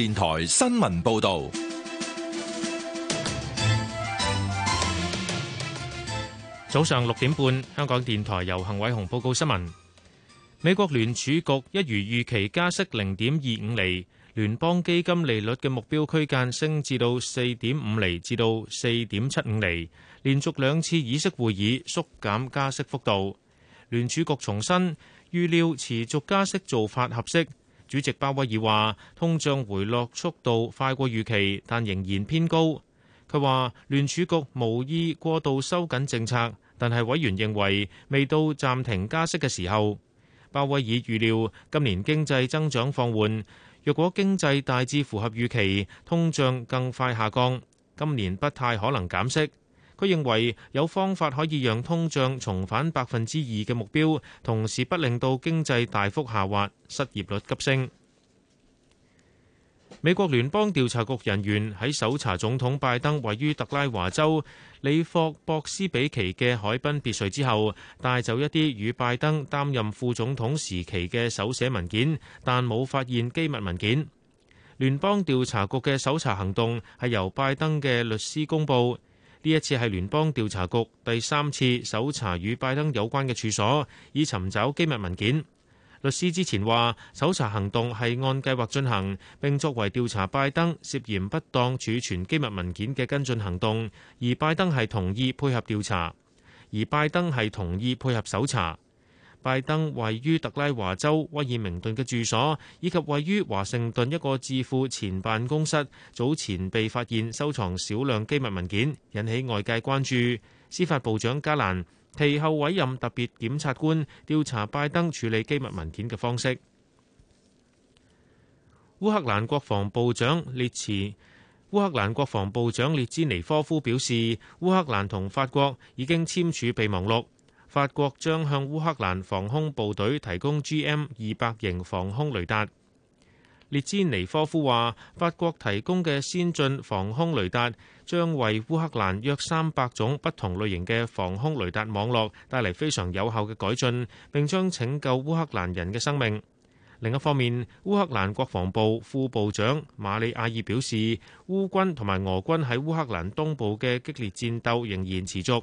電台新聞報道：早上六點半，香港電台由幸偉雄報告新聞。美國聯儲局一如預期加息零點二五厘，聯邦基金利率嘅目標區間升至到四點五厘至到四點七五厘，連續兩次議息會議縮減加息幅度。聯儲局重申，預料持續加息做法合適。主席鮑威爾話：通脹回落速度快過預期，但仍然偏高。佢話聯儲局無意過度收緊政策，但係委員認為未到暫停加息嘅時候。鮑威爾預料今年經濟增長放緩，若果經濟大致符合預期，通脹更快下降，今年不太可能減息。佢認為有方法可以讓通脹重返百分之二嘅目標，同時不令到經濟大幅下滑、失業率急升。美國聯邦調查局人員喺搜查總統拜登位於特拉華州里霍博斯比奇嘅海濱別墅之後，帶走一啲與拜登擔任副總統時期嘅手寫文件，但冇發現機密文件。聯邦調查局嘅搜查行動係由拜登嘅律師公佈。呢一次係聯邦調查局第三次搜查與拜登有關嘅處所，以尋找機密文件。律師之前話，搜查行動係按計劃進行，並作為調查拜登涉嫌不當儲存機密文件嘅跟進行動。而拜登係同意配合調查，而拜登係同意配合搜查。拜登位於特拉華州威爾明頓嘅住所，以及位於華盛頓一個智庫前辦公室，早前被發現收藏少量機密文件，引起外界關注。司法部長加蘭其後委任特別檢察官調查拜登處理機密文件嘅方式。烏克蘭國防部長列茨烏克蘭國防部長列茲尼科夫表示，烏克蘭同法國已經簽署備忘錄。法國將向烏克蘭防空部隊提供 GM 二百型防空雷達。列茲尼科夫話：法國提供嘅先進防空雷達，將為烏克蘭約三百種不同類型嘅防空雷達網絡帶嚟非常有效嘅改進，並將拯救烏克蘭人嘅生命。另一方面，烏克蘭國防部副部長馬利亞爾表示，烏軍同埋俄軍喺烏克蘭東部嘅激烈戰鬥仍然持續。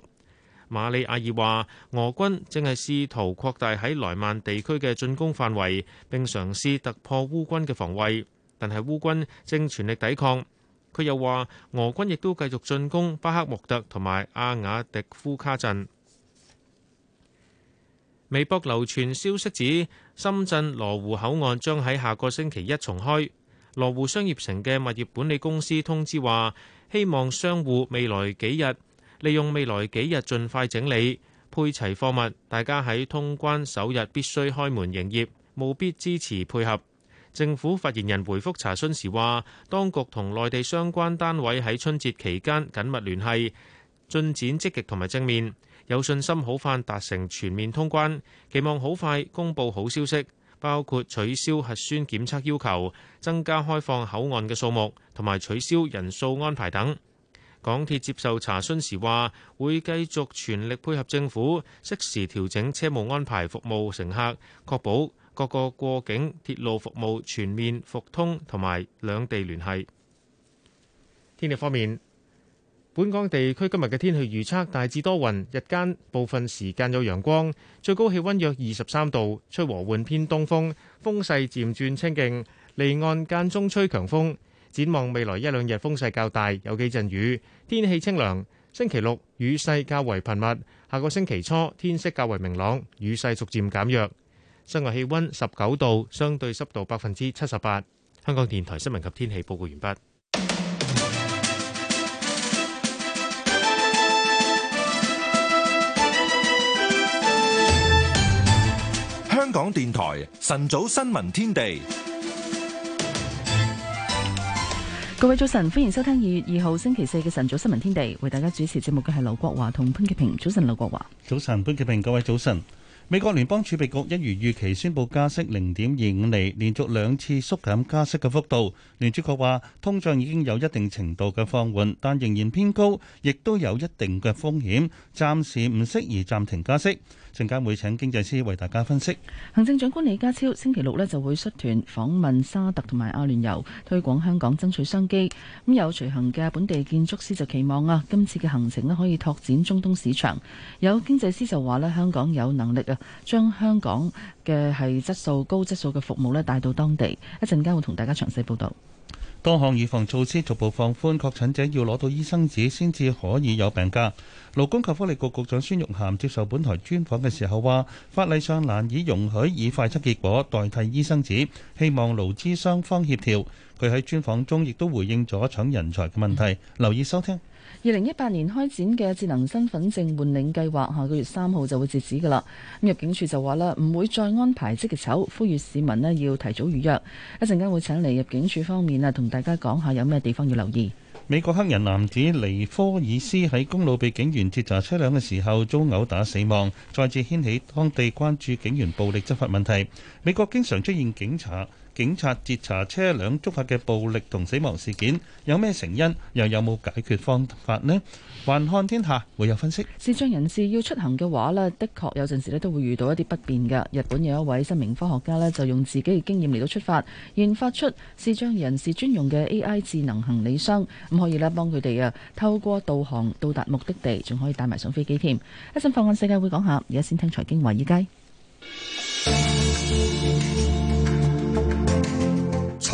馬里亞爾話：俄軍正係試圖擴大喺萊曼地區嘅進攻範圍，並嘗試突破烏軍嘅防衞。但係烏軍正全力抵抗。佢又話：俄軍亦都繼續進攻巴克莫特同埋阿雅迪夫卡鎮。微博流傳消息指，深圳羅湖口岸將喺下個星期一重開。羅湖商業城嘅物業管理公司通知話，希望商戶未來幾日，利用未來幾日盡快整理配齊貨物，大家喺通關首日必須開門營業，務必支持配合。政府發言人回覆查詢時話，當局同內地相關單位喺春節期間緊密聯繫，進展積極同埋正面，有信心好快達成全面通關，期望好快公布好消息，包括取消核酸檢測要求、增加開放口岸嘅數目同埋取消人數安排等。港鐵接受查詢時話，會繼續全力配合政府，適時調整車務安排，服務乘客，確保各個過境鐵路服務全面復通同埋兩地聯繫。天氣方面，本港地區今日嘅天氣預測大致多雲，日間部分時間有陽光，最高氣温約二十三度，吹和緩偏東風，風勢漸轉清勁，離岸間中吹強風。展望未來一兩日風勢較大，有幾陣雨，天氣清涼。星期六雨勢較為頻密，下個星期初天色較為明朗，雨勢逐漸減弱。室外氣溫十九度，相對濕度百分之七十八。香港電台新聞及天氣報告完畢。香港電台晨早新聞天地。各位早晨，歡迎收聽二月二號星期四嘅晨早新聞天地。為大家主持節目嘅係劉國華同潘潔平。早晨，劉國華。早晨，潘潔平。各位早晨。美國聯邦儲備局一如預期宣布加息零點二五厘，連續兩次縮減加息嘅幅度。聯儲局話，通脹已經有一定程度嘅放緩，但仍然偏高，亦都有一定嘅風險，暫時唔適宜暫停加息。陣間會請經濟師為大家分析。行政長官李家超星期六咧就會率團訪問沙特同埋阿聯酋，推廣香港爭取商機。咁有隨行嘅本地建築師就期望啊，今次嘅行程咧可以拓展中東市場。有經濟師就話咧，香港有能力啊，將香港嘅係質素高質素嘅服務咧帶到當地。一陣間會同大家詳細報道。多項預防措施逐步放寬，確診者要攞到醫生紙先至可以有病假。勞工及福利局局長孫玉菡接受本台專訪嘅時候話，法例上難以容許以快測結果代替醫生紙，希望勞資雙方協調。佢喺專訪中亦都回應咗搶人才嘅問題。留意收聽。二零一八年開展嘅智能身份證換領計劃，下個月三號就會截止噶啦。咁入境處就話啦，唔會再安排即日籌，呼籲市民呢要提早預約。一陣間會請嚟入境處方面啊，同大家講下有咩地方要留意。美國黑人男子尼科爾斯喺公路被警員截查車輛嘅時候遭毆打死亡，再次掀起當地關注警員暴力執法問題。美國經常出現警察。警察截查車輛觸發嘅暴力同死亡事件有咩成因，又有冇解決方法呢？環看天下會有分析。視障人士要出行嘅話呢，的確有陣時咧，都會遇到一啲不便嘅。日本有一位知名科學家呢，就用自己嘅經驗嚟到出發，研發出視障人士專用嘅 AI 智能行李箱，咁可以咧，幫佢哋啊透過導航到達目的地，仲可以帶埋上飛機添。一陣放眼世界會講下，而家先聽財經話事機。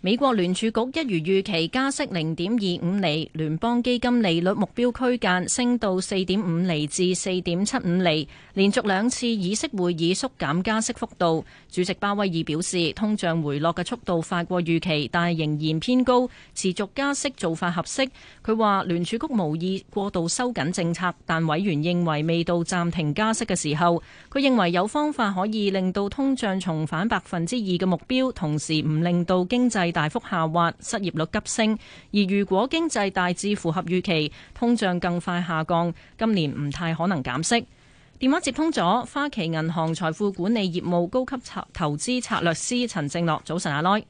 美國聯儲局一如預期加息0.25厘，聯邦基金利率目標區間升到4.5厘至4.75厘，連續兩次議息會議縮減加息幅度。主席鮑威爾表示，通脹回落嘅速度快過預期，但係仍然偏高，持續加息做法合適。佢話聯儲局無意過度收緊政策，但委員認為未到暫停加息嘅時候。佢認為有方法可以令到通脹重返百分之二嘅目標，同時唔令到經濟大幅下滑，失業率急升。而如果經濟大致符合預期，通脹更快下降，今年唔太可能減息。電話接通咗，花旗銀行財富管理業務高級策投資策略師陳正樂，早晨阿奶。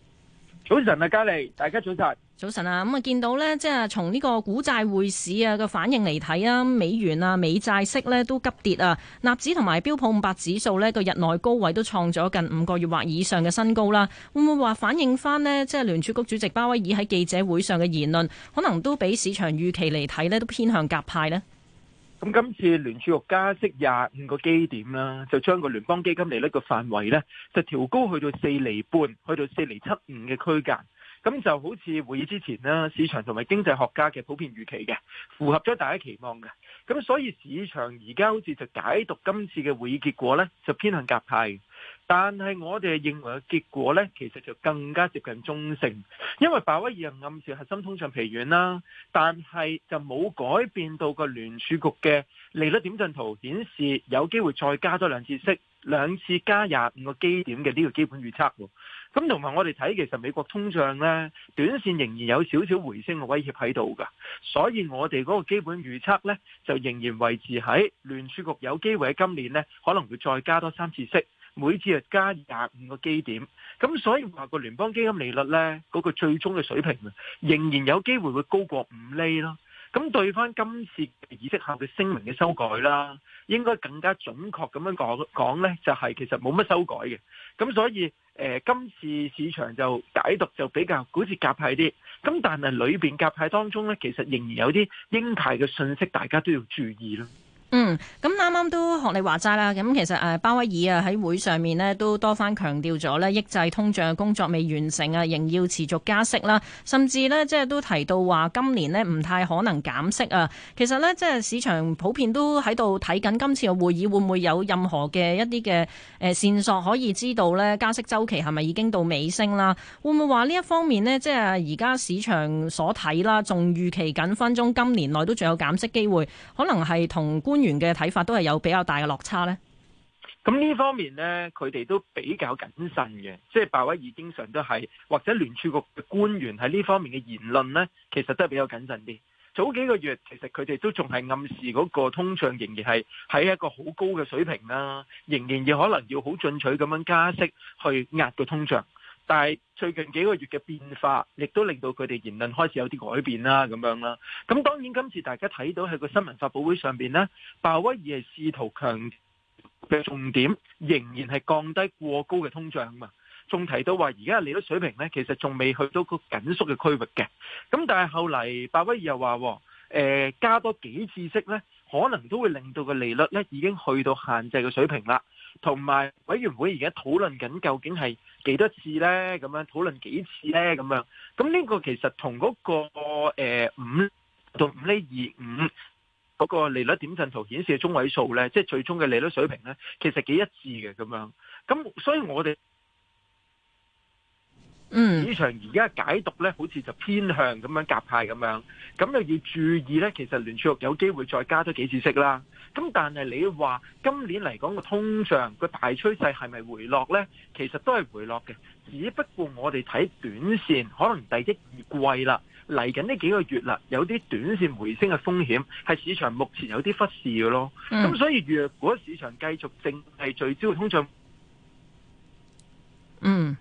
早晨啊，嘉莉，大家早晨。早晨啊，咁、嗯、啊，見到咧，即係從呢個股債匯市啊個反應嚟睇啊，美元啊、美債息咧都急跌啊，納指同埋標普五百指數咧個日內高位都創咗近五個月或以上嘅新高啦。會唔會話反映翻咧，即係聯儲局主席鮑威爾喺記者會上嘅言論，可能都比市場預期嚟睇咧都偏向鴿派咧？咁今次聯儲局加息廿五個基點啦，就將個聯邦基金利率嘅範圍咧，就調高去到四厘半，去到四厘七五嘅區間。咁就好似會議之前呢，市場同埋經濟學家嘅普遍預期嘅，符合咗大家期望嘅。咁所以市場而家好似就解讀今次嘅會議結果咧，就偏向鴿派。但係我哋認為嘅結果呢，其實就更加接近中性，因為鮑威爾暗示核心通脹疲軟啦，但係就冇改變到個聯儲局嘅利率點陣圖顯示有機會再加多兩次息，兩次加廿五個基點嘅呢個基本預測。咁同埋我哋睇，其實美國通脹呢，短線仍然有少少回升嘅威脅喺度㗎，所以我哋嗰個基本預測呢，就仍然維持喺聯儲局有機會喺今年呢，可能會再加多三次息。每次啊加廿五個基點，咁所以話個聯邦基金利率咧，嗰個最終嘅水平咧，仍然有機會會高過五厘咯。咁對翻今次議息後嘅聲明嘅修改啦，應該更加準確咁樣講講咧，就係其實冇乜修改嘅。咁所以誒，今次市場就解讀就比較好似鴿派啲。咁但係裏邊鴿派當中咧，其實仍然有啲鷹派嘅信息，大家都要注意啦。嗯，咁啱啱都學你話齋啦。咁其實誒，鮑威爾啊喺會上面咧都多番強調咗咧，抑制通脹嘅工作未完成啊，仍要持續加息啦。甚至呢，即係都提到話今年呢唔太可能減息啊。其實呢，即係市場普遍都喺度睇緊今次嘅會議會唔會有任何嘅一啲嘅誒線索可以知道呢加息周期係咪已經到尾聲啦？會唔會話呢一方面呢？即係而家市場所睇啦，仲預期緊分中今年內都仲有減息機會，可能係同觀。官員嘅睇法都係有比較大嘅落差呢。咁呢方面呢，佢哋都比較謹慎嘅，即係鮑威爾經常都係或者聯儲局嘅官員喺呢方面嘅言論呢，其實都係比較謹慎啲。早幾個月，其實佢哋都仲係暗示嗰個通脹仍然係喺一個好高嘅水平啦，啊，仍然要可能要好進取咁樣加息去壓個通脹。但係最近幾個月嘅變化，亦都令到佢哋言論開始有啲改變啦，咁樣啦。咁當然今次大家睇到喺個新聞發佈會上邊呢，鮑威爾係試圖強調嘅重點，仍然係降低過高嘅通脹啊嘛。仲提到話，而家嘅利率水平呢，其實仲未去到個緊縮嘅區域嘅。咁但係後嚟鮑威爾又話，誒、呃、加多幾次息呢，可能都會令到個利率呢已經去到限制嘅水平啦。同埋，委員會而家討論緊，究竟係幾多次咧？咁樣討論幾次咧？咁樣，咁呢個其實同嗰個誒五到五釐二五嗰個利率點陣圖顯示嘅中位數咧，即係最終嘅利率水平咧，其實幾一致嘅咁樣。咁所以我哋，嗯，市場而家解讀咧，好似就偏向咁樣夾派咁樣。咁要注意咧，其實聯儲局有機會再加多幾次息啦。咁但係你話今年嚟講個通脹個大趨勢係咪回落呢？其實都係回落嘅，只不過我哋睇短線，可能第一二季啦，嚟緊呢幾個月啦，有啲短線回升嘅風險，係市場目前有啲忽視嘅咯。咁、嗯、所以，如果市場繼續淨係聚焦通脹、嗯，嗯。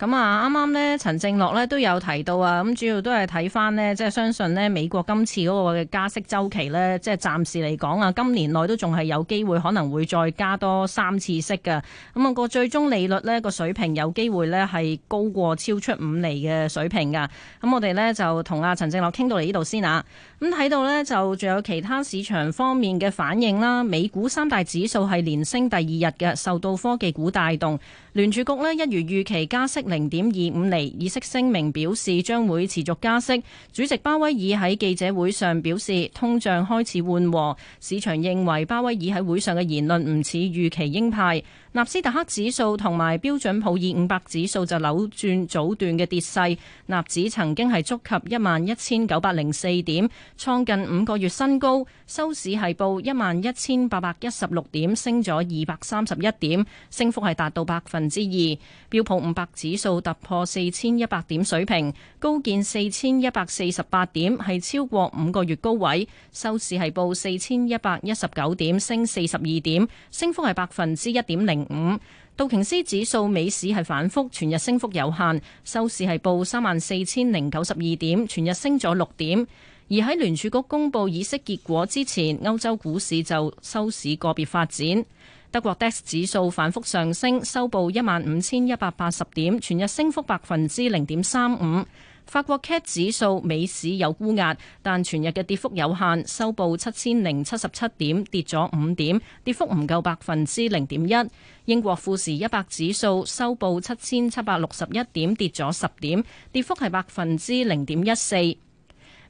咁啊，啱啱呢，陳正樂呢都有提到啊，咁主要都係睇翻呢，即係相信呢，美國今次嗰個嘅加息週期呢，即係暫時嚟講啊，今年內都仲係有機會，可能會再加多三次息㗎。咁啊，個最終利率呢個水平有機會呢係高過超出五厘嘅水平噶。咁我哋呢就同阿陳正樂傾到嚟呢度先啦。咁睇到呢，就仲有其他市場方面嘅反應啦，美股三大指數係連升第二日嘅，受到科技股帶動。聯儲局呢一如預期加息。零點二五厘，議息聲明表示將會持續加息。主席鮑威爾喺記者會上表示，通脹開始緩和，市場認為鮑威爾喺會上嘅言論唔似預期鷹派。納斯達克指數同埋標準普爾五百指數就扭轉早段嘅跌勢，納指曾經係觸及一萬一千九百零四點，創近五個月新高，收市係報一萬一千八百一十六點，升咗二百三十一點，升幅係達到百分之二。標普五百指數突破四千一百點水平，高見四千一百四十八點，係超過五個月高位，收市係報四千一百一十九點，升四十二點，升幅係百分之一點零。五道瓊斯指數美市係反覆，全日升幅有限，收市係報三萬四千零九十二點，全日升咗六點。而喺聯儲局公布議息結果之前，歐洲股市就收市個別發展。德國 DAX 指數反覆上升，收報一萬五千一百八十點，全日升幅百分之零點三五。法國 CAC 指數美市有沽壓，但全日嘅跌幅有限，收報七千零七十七點，跌咗五點，跌幅唔夠百分之零點一。英國富時一百指數收報七千七百六十一點，跌咗十點，跌幅係百分之零點一四。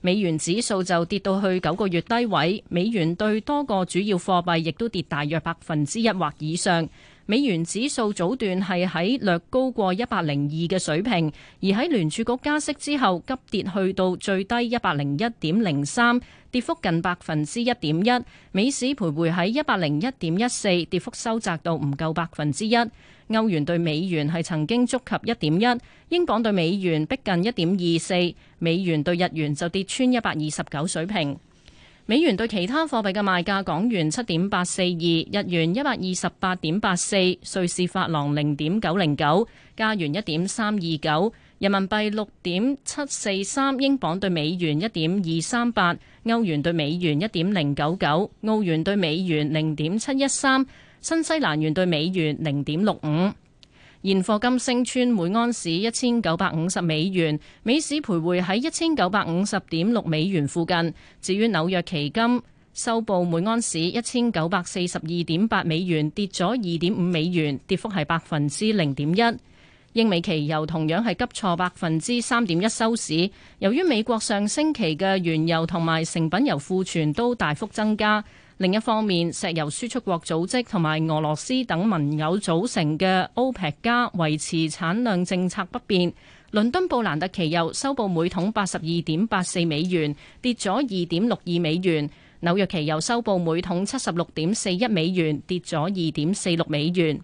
美元指數就跌到去九個月低位，美元對多個主要貨幣亦都跌大約百分之一或以上。美元指數早段係喺略高過一百零二嘅水平，而喺聯儲局加息之後急跌去到最低一百零一點零三，跌幅近百分之一點一。美市徘徊喺一百零一點一四，跌幅收窄到唔夠百分之一。歐元對美元係曾經觸及一點一，英鎊對美元逼近一點二四，美元對日元就跌穿一百二十九水平。美元對其他貨幣嘅賣價：港元七點八四二，日元一百二十八點八四，瑞士法郎零點九零九，加元一點三二九，人民幣六點七四三，英鎊對美元一點二三八，歐元對美元一點零九九，澳元對美元零點七一三，新西蘭元對美元零點六五。現貨金升穿每盎司一千九百五十美元，美市徘徊喺一千九百五十點六美元附近。至於紐約期金收報每盎司一千九百四十二點八美元，跌咗二點五美元，跌幅係百分之零點一。英美期油同樣係急挫百分之三點一收市，由於美國上星期嘅原油同埋成品油庫存都大幅增加。另一方面，石油輸出國組織同埋俄羅斯等盟友組成嘅 OPEC 加維持產量政策不變。倫敦布蘭特期油收報每桶八十二點八四美元，跌咗二點六二美元；紐約期油收報每桶七十六點四一美元，跌咗二點四六美元。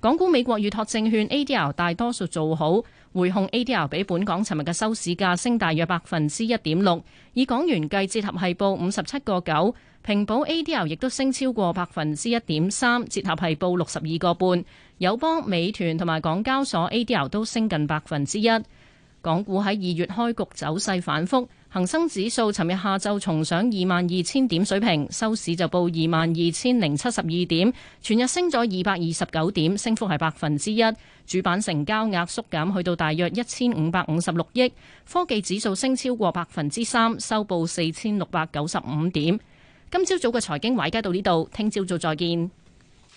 港股美國預託證券 ADR 大多數做好。匯控 ADR 比本港尋日嘅收市價升大約百分之一點六，以港元計，折合係報五十七個九；平保 ADR 亦都升超過百分之一點三，折合係報六十二個半。友邦、美團同埋港交所 ADR 都升近百分之一。港股喺二月開局走勢反覆。恒生指數尋日下晝重上二萬二千點水平，收市就報二萬二千零七十二點，全日升咗二百二十九點，升幅係百分之一。主板成交額縮減去到大約一千五百五十六億。科技指數升超過百分之三，收報四千六百九十五點。今朝早嘅財經華街到呢度，聽朝早再見。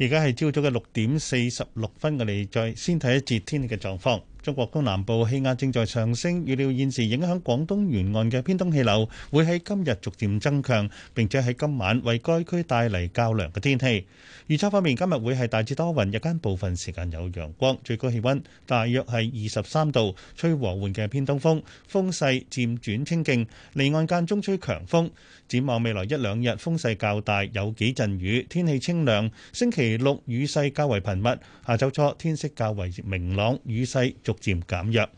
而家係朝早嘅六點四十六分，我哋再先睇一節天氣嘅狀況。中國東南部氣壓正在上升，預料現時影響廣東沿岸嘅偏東氣流會喺今日逐漸增強，並且喺今晚為該區帶嚟較涼嘅天氣。預測方面，今日會係大致多雲，日間部分時間有陽光，最高氣溫大約係二十三度，吹和緩嘅偏東風，風勢漸轉清勁。離岸間中吹強風。展望未來一兩日風勢較大，有幾陣雨，天氣清涼。星期六雨勢較為頻密，下晝初天色較為明朗，雨勢逐。漸減弱。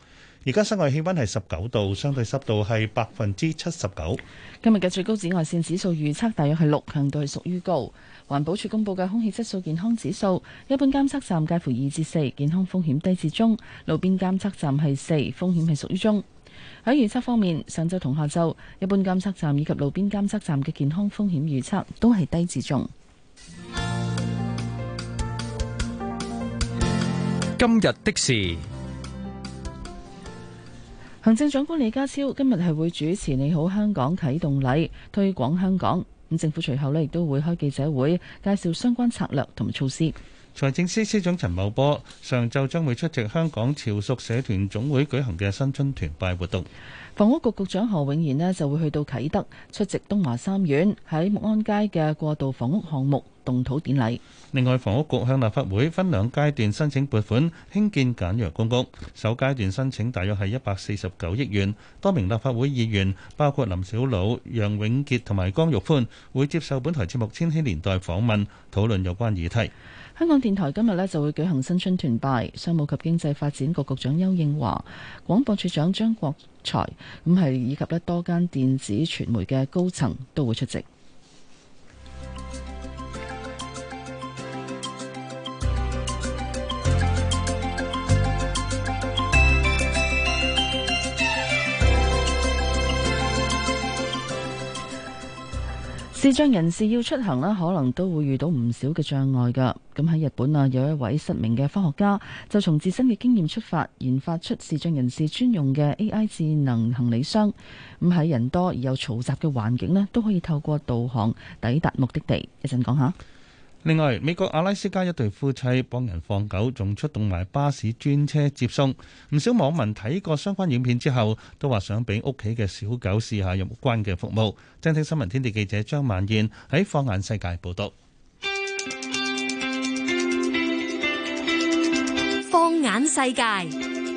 而家室外氣温係十九度，相對濕度係百分之七十九。今日嘅最高紫外線指數預測大約係六，強度係屬於高。環保署公布嘅空氣質素健康指數，一般監測站介乎二至四，健康風險低至中；路邊監測站係四，風險係屬於中。喺預測方面，上晝同下晝，一般監測站以及路邊監測站嘅健康風險預測都係低至中。今日的事。行政長官李家超今日係會主持《你好香港》啟動禮，推廣香港。咁政府隨後呢亦都會開記者會，介紹相關策略同措施。財政司司長陳茂波上晝將會出席香港潮屬社團總會舉行嘅新春團拜活動。房屋局局長何永賢咧就會去到啟德出席東華三院喺木安街嘅過渡房屋項目動土典禮。另外，房屋局向立法會分兩階段申請撥款興建簡約公屋，首階段申請大約係一百四十九億元。多名立法會議員，包括林小魯、楊永杰同埋江玉歡，會接受本台節目《千禧年代》訪問，討論有關議題。香港電台今日呢就會舉行新春團拜，商務及經濟發展局局長邱應華、廣播處長張國才，咁係以及呢多間電子傳媒嘅高層都會出席。視障人士要出行咧，可能都會遇到唔少嘅障礙噶。咁喺日本啊，有一位失明嘅科學家就從自身嘅經驗出發，研發出視障人士專用嘅 AI 智能行李箱。咁喺人多而又嘈雜嘅環境咧，都可以透過導航抵達目的地。一陣講下。另外，美國阿拉斯加一對夫妻幫人放狗，仲出動埋巴士專車接送。唔少網民睇過相關影片之後，都話想俾屋企嘅小狗試下有關嘅服務。晨早新聞天地記者張萬燕喺放眼世界報道。放眼世界。報導。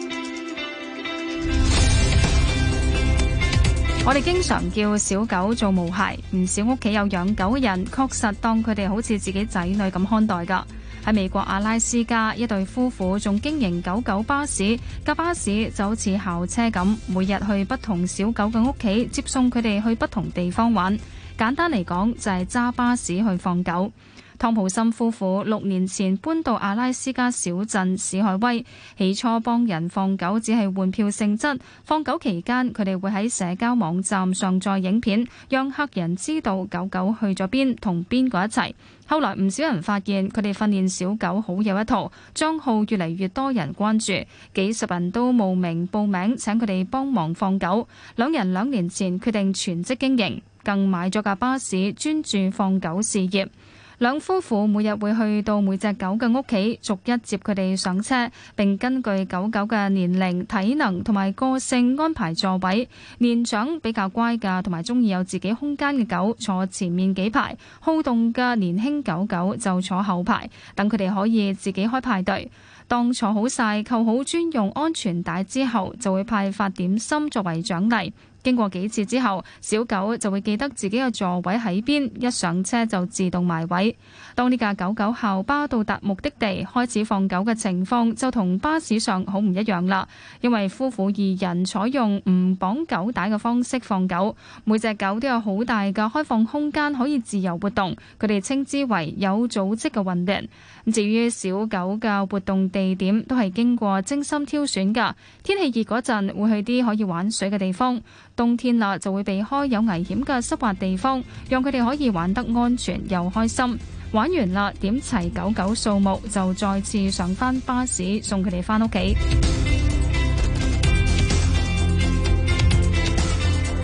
我哋經常叫小狗做毛孩，唔少屋企有養狗人，確實當佢哋好似自己仔女咁看待㗎。喺美國阿拉斯加，一對夫婦仲經營狗狗巴士，架巴士就好似校車咁，每日去不同小狗嘅屋企，接送佢哋去不同地方玩。簡單嚟講，就係、是、揸巴士去放狗。湯普森夫婦六年前搬到阿拉斯加小鎮史海威，起初幫人放狗只係換票性質。放狗期間，佢哋會喺社交網站上載影片，讓客人知道狗狗去咗邊同邊個一齊。後來唔少人發現佢哋訓練小狗好有一套，帳號越嚟越多人關注，幾十人都慕名報名請佢哋幫忙放狗。兩人兩年前決定全職經營。更買咗架巴士，專注放狗事業。兩夫婦每日會去到每隻狗嘅屋企，逐一接佢哋上車，並根據狗狗嘅年齡、體能同埋個性安排座位。年長比較乖㗎同埋鍾意有自己空間嘅狗坐前面幾排，好動嘅年輕狗狗就坐後排，等佢哋可以自己開派對。當坐好晒、扣好專用安全帶之後，就會派發點心作為獎勵。經過幾次之後，小狗就會記得自己嘅座位喺邊，一上車就自動埋位。當呢架狗狗校巴到達目的地，開始放狗嘅情況就同巴士上好唔一樣啦。因為夫婦二人採用唔綁狗帶嘅方式放狗，每隻狗都有好大嘅開放空間可以自由活動。佢哋稱之為有組織嘅運動。咁至於小狗嘅活動地點都係經過精心挑選嘅。天氣熱嗰陣會去啲可以玩水嘅地方，冬天啦就會避開有危險嘅濕滑地方，讓佢哋可以玩得安全又開心。玩完啦，點齊狗狗數目就再次上返巴士，送佢哋返屋企。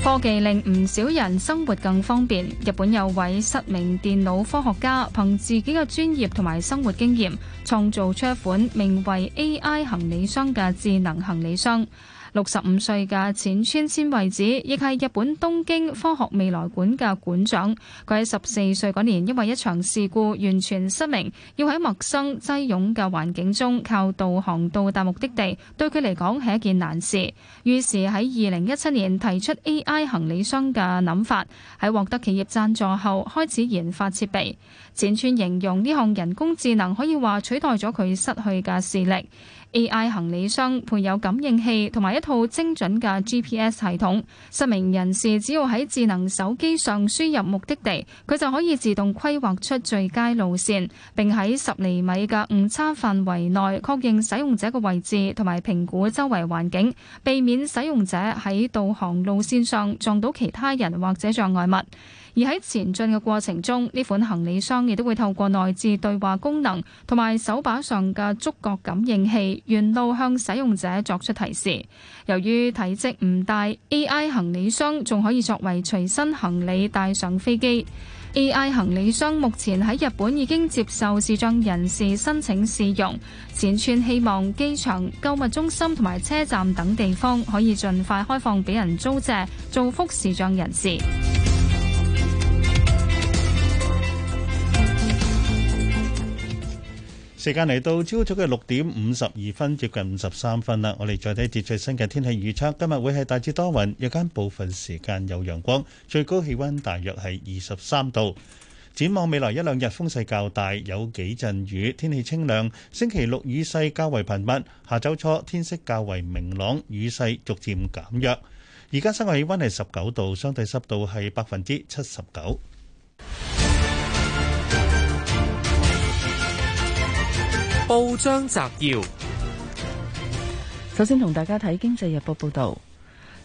科技令唔少人生活更方便。日本有位失明電腦科學家，憑自己嘅專業同埋生活經驗，創造出一款名為 AI 行李箱嘅智能行李箱。六十五歲嘅淺川千惠子，亦係日本東京科學未來館嘅館長。佢喺十四歲嗰年，因為一場事故完全失明，要喺陌生擠擁嘅環境中靠導航到達目的地，對佢嚟講係一件難事。於是喺二零一七年提出 AI 行李箱嘅諗法，喺獲得企業贊助後開始研發設備。淺川形容呢項人工智能可以話取代咗佢失去嘅視力。A.I. 行李箱配有感應器同埋一套精準嘅 G.P.S. 系統，失明人士只要喺智能手機上輸入目的地，佢就可以自動規劃出最佳路線，並喺十厘米嘅誤差範圍內確認使用者嘅位置，同埋評估周圍環境，避免使用者喺導航路線上撞到其他人或者障礙物。而喺前進嘅過程中，呢款行李箱亦都會透過內置對話功能同埋手把上嘅觸覺感應器，沿路向使用者作出提示。由於體積唔大，AI 行李箱仲可以作為隨身行李帶上飛機。AI 行李箱目前喺日本已經接受視障人士申請試用，前串希望機場、購物中心同埋車站等地方可以盡快開放俾人租借，造福視障人士。時間嚟到朝早嘅六點五十二分，接近五十三分啦。我哋再睇一節最新嘅天氣預測。今日會係大致多雲，日間部分時間有陽光，最高氣溫大約係二十三度。展望未來一兩日風勢較大，有幾陣雨，天氣清涼。星期六雨勢較為頻密，下晝初天色較為明朗，雨勢逐漸減弱。而家室外氣溫係十九度，相對濕度係百分之七十九。報章摘要：首先同大家睇《經濟日報》報道，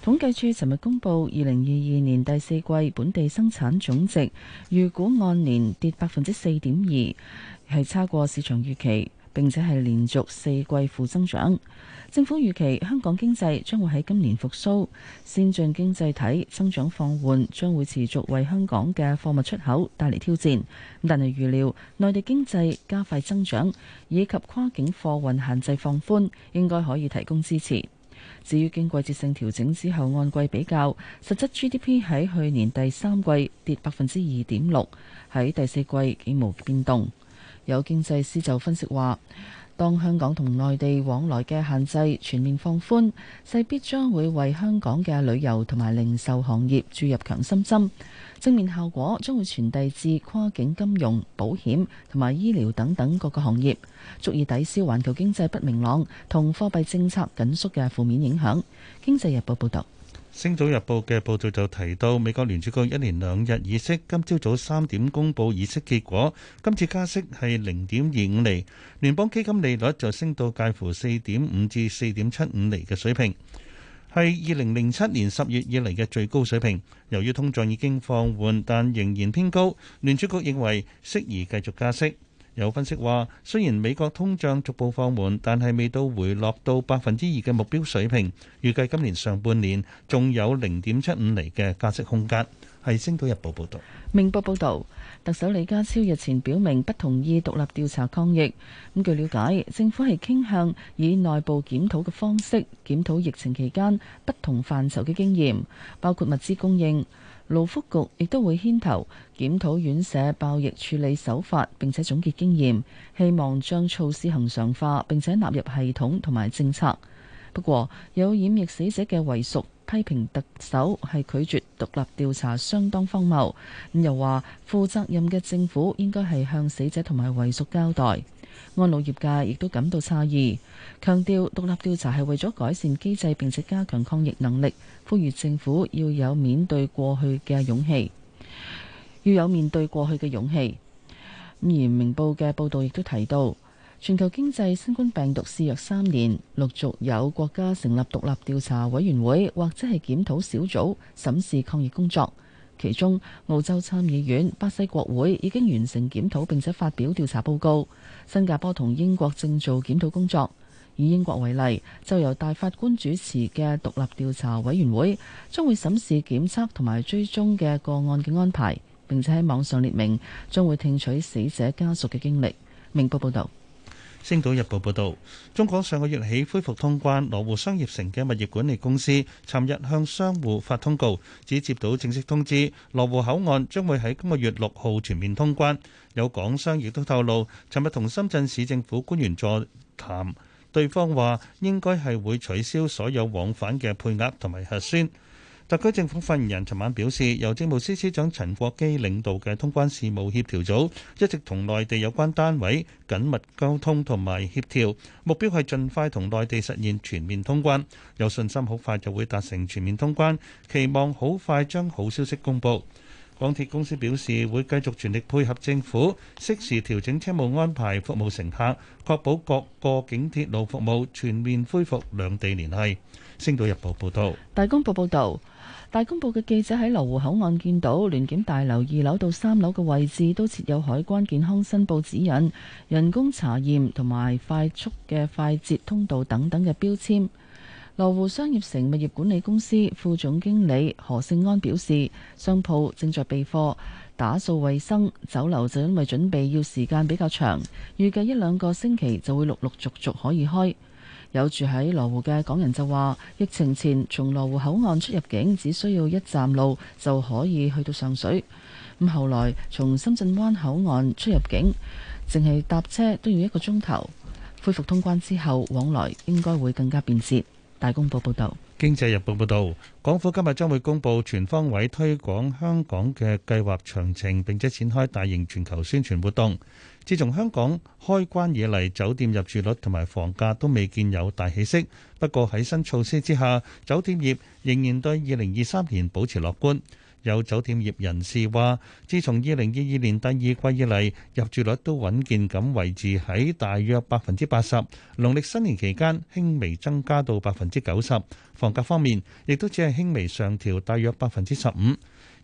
統計處尋日公布二零二二年第四季本地生產總值預估按年跌百分之四點二，係差過市場預期。並且係連續四季負增長。政府預期香港經濟將會喺今年復甦。先進經濟體增長放緩將會持續為香港嘅貨物出口帶嚟挑戰。但係預料內地經濟加快增長以及跨境貨運限制放寬應該可以提供支持。至於經季節性調整之後按季比較，實質 GDP 喺去年第三季跌百分之二點六，喺第四季幾冇變動。有經濟師就分析話，當香港同內地往來嘅限制全面放寬，勢必將會為香港嘅旅遊同埋零售行業注入強心針，正面效果將會傳遞至跨境金融、保險同埋醫療等等各個行業，足以抵消環球經濟不明朗同貨幣政策緊縮嘅負面影響。經濟日報報道。《星島日報》嘅報道就提到，美國聯儲局一連兩日議息，今朝早三點公佈議息結果，今次加息係零點二五厘，聯邦基金利率就升到介乎四點五至四點七五厘嘅水平，係二零零七年十月以嚟嘅最高水平。由於通脹已經放緩，但仍然偏高，聯儲局認為適宜繼續加息。有分析話，雖然美國通脹逐步放緩，但係未到回落到百分之二嘅目標水平，預計今年上半年仲有零點七五厘嘅加息空間。係《星島日報》報導，《明報》報導，特首李家超日前表明不同意獨立調查抗疫。咁據了解，政府係傾向以內部檢討嘅方式檢討疫情期間不同範疇嘅經驗，包括物資供應。勞福局亦都會牽頭檢討院舍爆疫處理手法，並且總結經驗，希望將措施恒常化，並且納入系統同埋政策。不過，有染疫死者嘅遺屬批評特首係拒絕獨立調查，相當荒謬。咁又話，負責任嘅政府應該係向死者同埋遺屬交代。安老業界亦都感到詫異，強調獨立調查係為咗改善機制並且加強抗疫能力，呼籲政府要有面對過去嘅勇氣，要有面對過去嘅勇氣。咁而明報嘅報道亦都提到，全球經濟新冠病毒肆虐三年，陸續有國家成立獨立調查委員會或者係檢討小組審視抗疫工作。其中，澳洲參議院、巴西國會已經完成檢討並且發表調查報告；新加坡同英國正做檢討工作。以英國為例，就由大法官主持嘅獨立調查委員會將會審視檢測同埋追蹤嘅個案嘅安排，並且喺網上列明將會聽取死者家屬嘅經歷，明報報道。星島日報報道，中港上個月起恢復通關，羅湖商業城嘅物業管理公司尋日向商戶發通告，只接到正式通知，羅湖口岸將會喺今個月六號全面通關。有港商亦都透露，尋日同深圳市政府官員座談，對方話應該係會取消所有往返嘅配額同埋核酸。特區政府發言人尋晚表示，由政務司司長陳國基領導嘅通關事務協調組一直同內地有關單位緊密溝通同埋協調，目標係盡快同內地實現全面通關，有信心好快就會達成全面通關，期望好快將好消息公布。港鐵公司表示會繼續全力配合政府，適時調整車務安排，服務乘客，確保各過境鐵路服務全面恢復兩地聯繫。星島日報報道，大公報報道。大公報嘅記者喺羅湖口岸見到聯檢大樓二樓到三樓嘅位置都設有海關健康申報指引、人工查驗同埋快速嘅快捷通道等等嘅標籤。羅湖商業城物業管理公司副總經理何勝安表示，商鋪正在備貨、打掃衛生，酒樓就因為準備要時間比較長，預計一兩個星期就會陸陸續續可以開。有住喺羅湖嘅港人就話，疫情前從羅湖口岸出入境只需要一站路就可以去到上水，咁後來從深圳灣口岸出入境淨係搭車都要一個鐘頭。恢復通關之後，往來應該會更加便捷。大公報報道。《經濟日報》報導，港府今日將會公布全方位推廣香港嘅計劃詳情，並且展開大型全球宣傳活動。自從香港開關以嚟，酒店入住率同埋房價都未見有大起色。不過喺新措施之下，酒店業仍然對二零二三年保持樂觀。有酒店業人士話，自從二零二二年第二季以嚟，入住率都穩健咁維持喺大約百分之八十。農曆新年期間，輕微增加到百分之九十。房價方面，亦都只係輕微上調，大約百分之十五。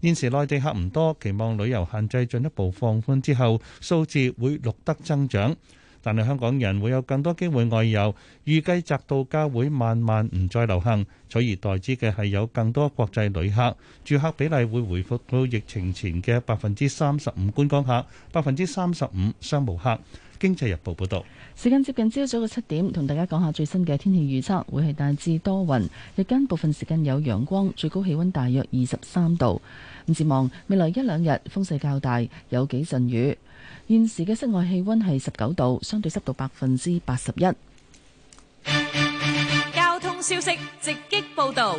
現時內地客唔多，期望旅遊限制進一步放寬之後，數字會錄得增長。但係香港人會有更多機會外遊，預計宅度假會慢慢唔再流行，取而代之嘅係有更多國際旅客，住客比例會回復到疫情前嘅百分之三十五觀光客，百分之三十五商務客。經濟日報報道：「時間接近朝早嘅七點，同大家講下最新嘅天氣預測，會係大致多雲，日間部分時間有陽光，最高氣温大約二十三度。咁展望未來一兩日風勢較大，有幾陣雨。現時嘅室外氣溫係十九度，相對濕度百分之八十一。交通消息，直擊報道。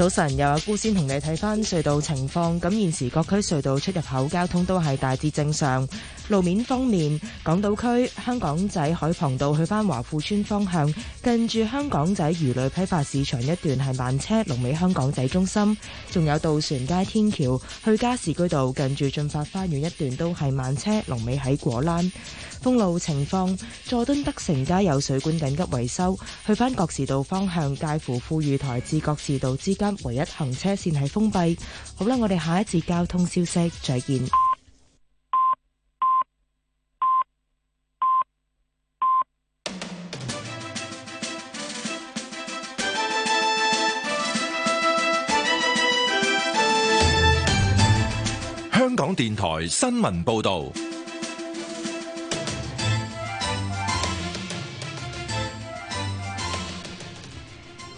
早晨，又阿姑先同你睇翻隧道情況，咁現時各區隧道出入口交通都係大致正常。路面方面，港島區、香港仔海傍道去翻華富邨方向，近住香港仔魚類批發市場一段係慢車，龍尾香港仔中心，仲有渡船街天橋去加士居道，近住駿發花園一段都係慢車龍尾喺果欄。封路情況，佐敦德成街有水管緊急維修，去翻國事道方向，介乎富裕台至國事道之間唯一行車線係封閉。好啦，我哋下一次交通消息，再見。香港電台新聞報道。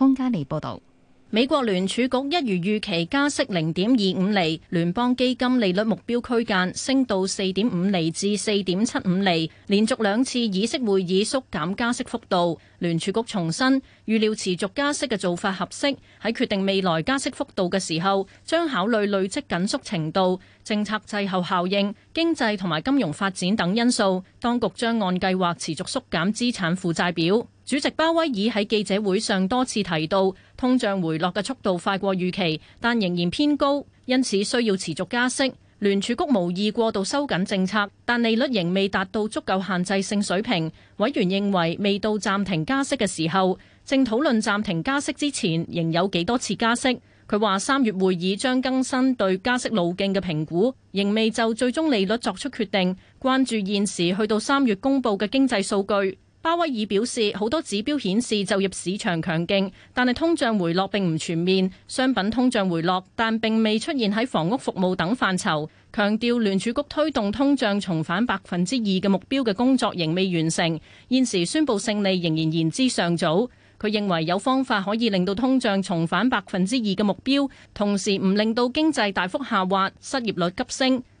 方嘉利報道：美國聯儲局一如預期加息零點二五厘，聯邦基金利率目標區間升到四點五厘至四點七五厘，連續兩次議息會議縮減加息幅度。聯儲局重申，預料持續加息嘅做法合適。喺決定未來加息幅度嘅時候，將考慮累積緊縮程度、政策滯後效應、經濟同埋金融發展等因素。當局將按計劃持續縮減資產負債表。主席鮑威爾喺記者會上多次提到，通脹回落嘅速度快過預期，但仍然偏高，因此需要持續加息。聯儲局無意過度收緊政策，但利率仍未達到足夠限制性水平。委員認為未到暫停加息嘅時候，正討論暫停加息之前仍有幾多次加息。佢話三月會議將更新對加息路徑嘅評估，仍未就最終利率作出決定。關注現時去到三月公布嘅經濟數據。鮑威爾表示，好多指標顯示就業市場強勁，但係通脹回落並唔全面。商品通脹回落，但並未出現喺房屋服務等範疇。強調聯儲局推動通脹重返百分之二嘅目標嘅工作仍未完成，現時宣布勝利仍然言之尚早。佢認為有方法可以令到通脹重返百分之二嘅目標，同時唔令到經濟大幅下滑、失業率急升。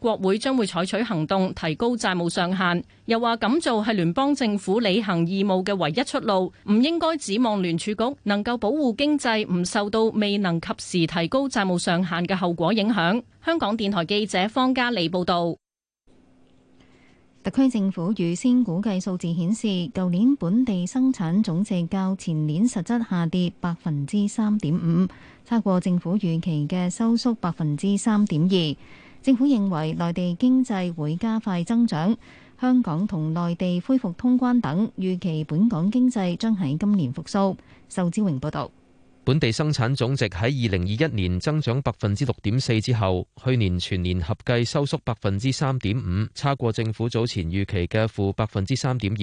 國會將會採取行動提高債務上限，又話咁做係聯邦政府履行義務嘅唯一出路，唔應該指望聯儲局能夠保護經濟唔受到未能及時提高債務上限嘅後果影響。香港電台記者方嘉利報導。特區政府預先估計數字顯示，舊年本地生產總值較前年實質下跌百分之三點五，差過政府預期嘅收縮百分之三點二。政府認為內地經濟會加快增長，香港同內地恢復通關等，預期本港經濟將喺今年復甦。仇志榮報導。本地生產總值喺二零二一年增長百分之六點四之後，去年全年合計收縮百分之三點五，差過政府早前預期嘅負百分之三點二。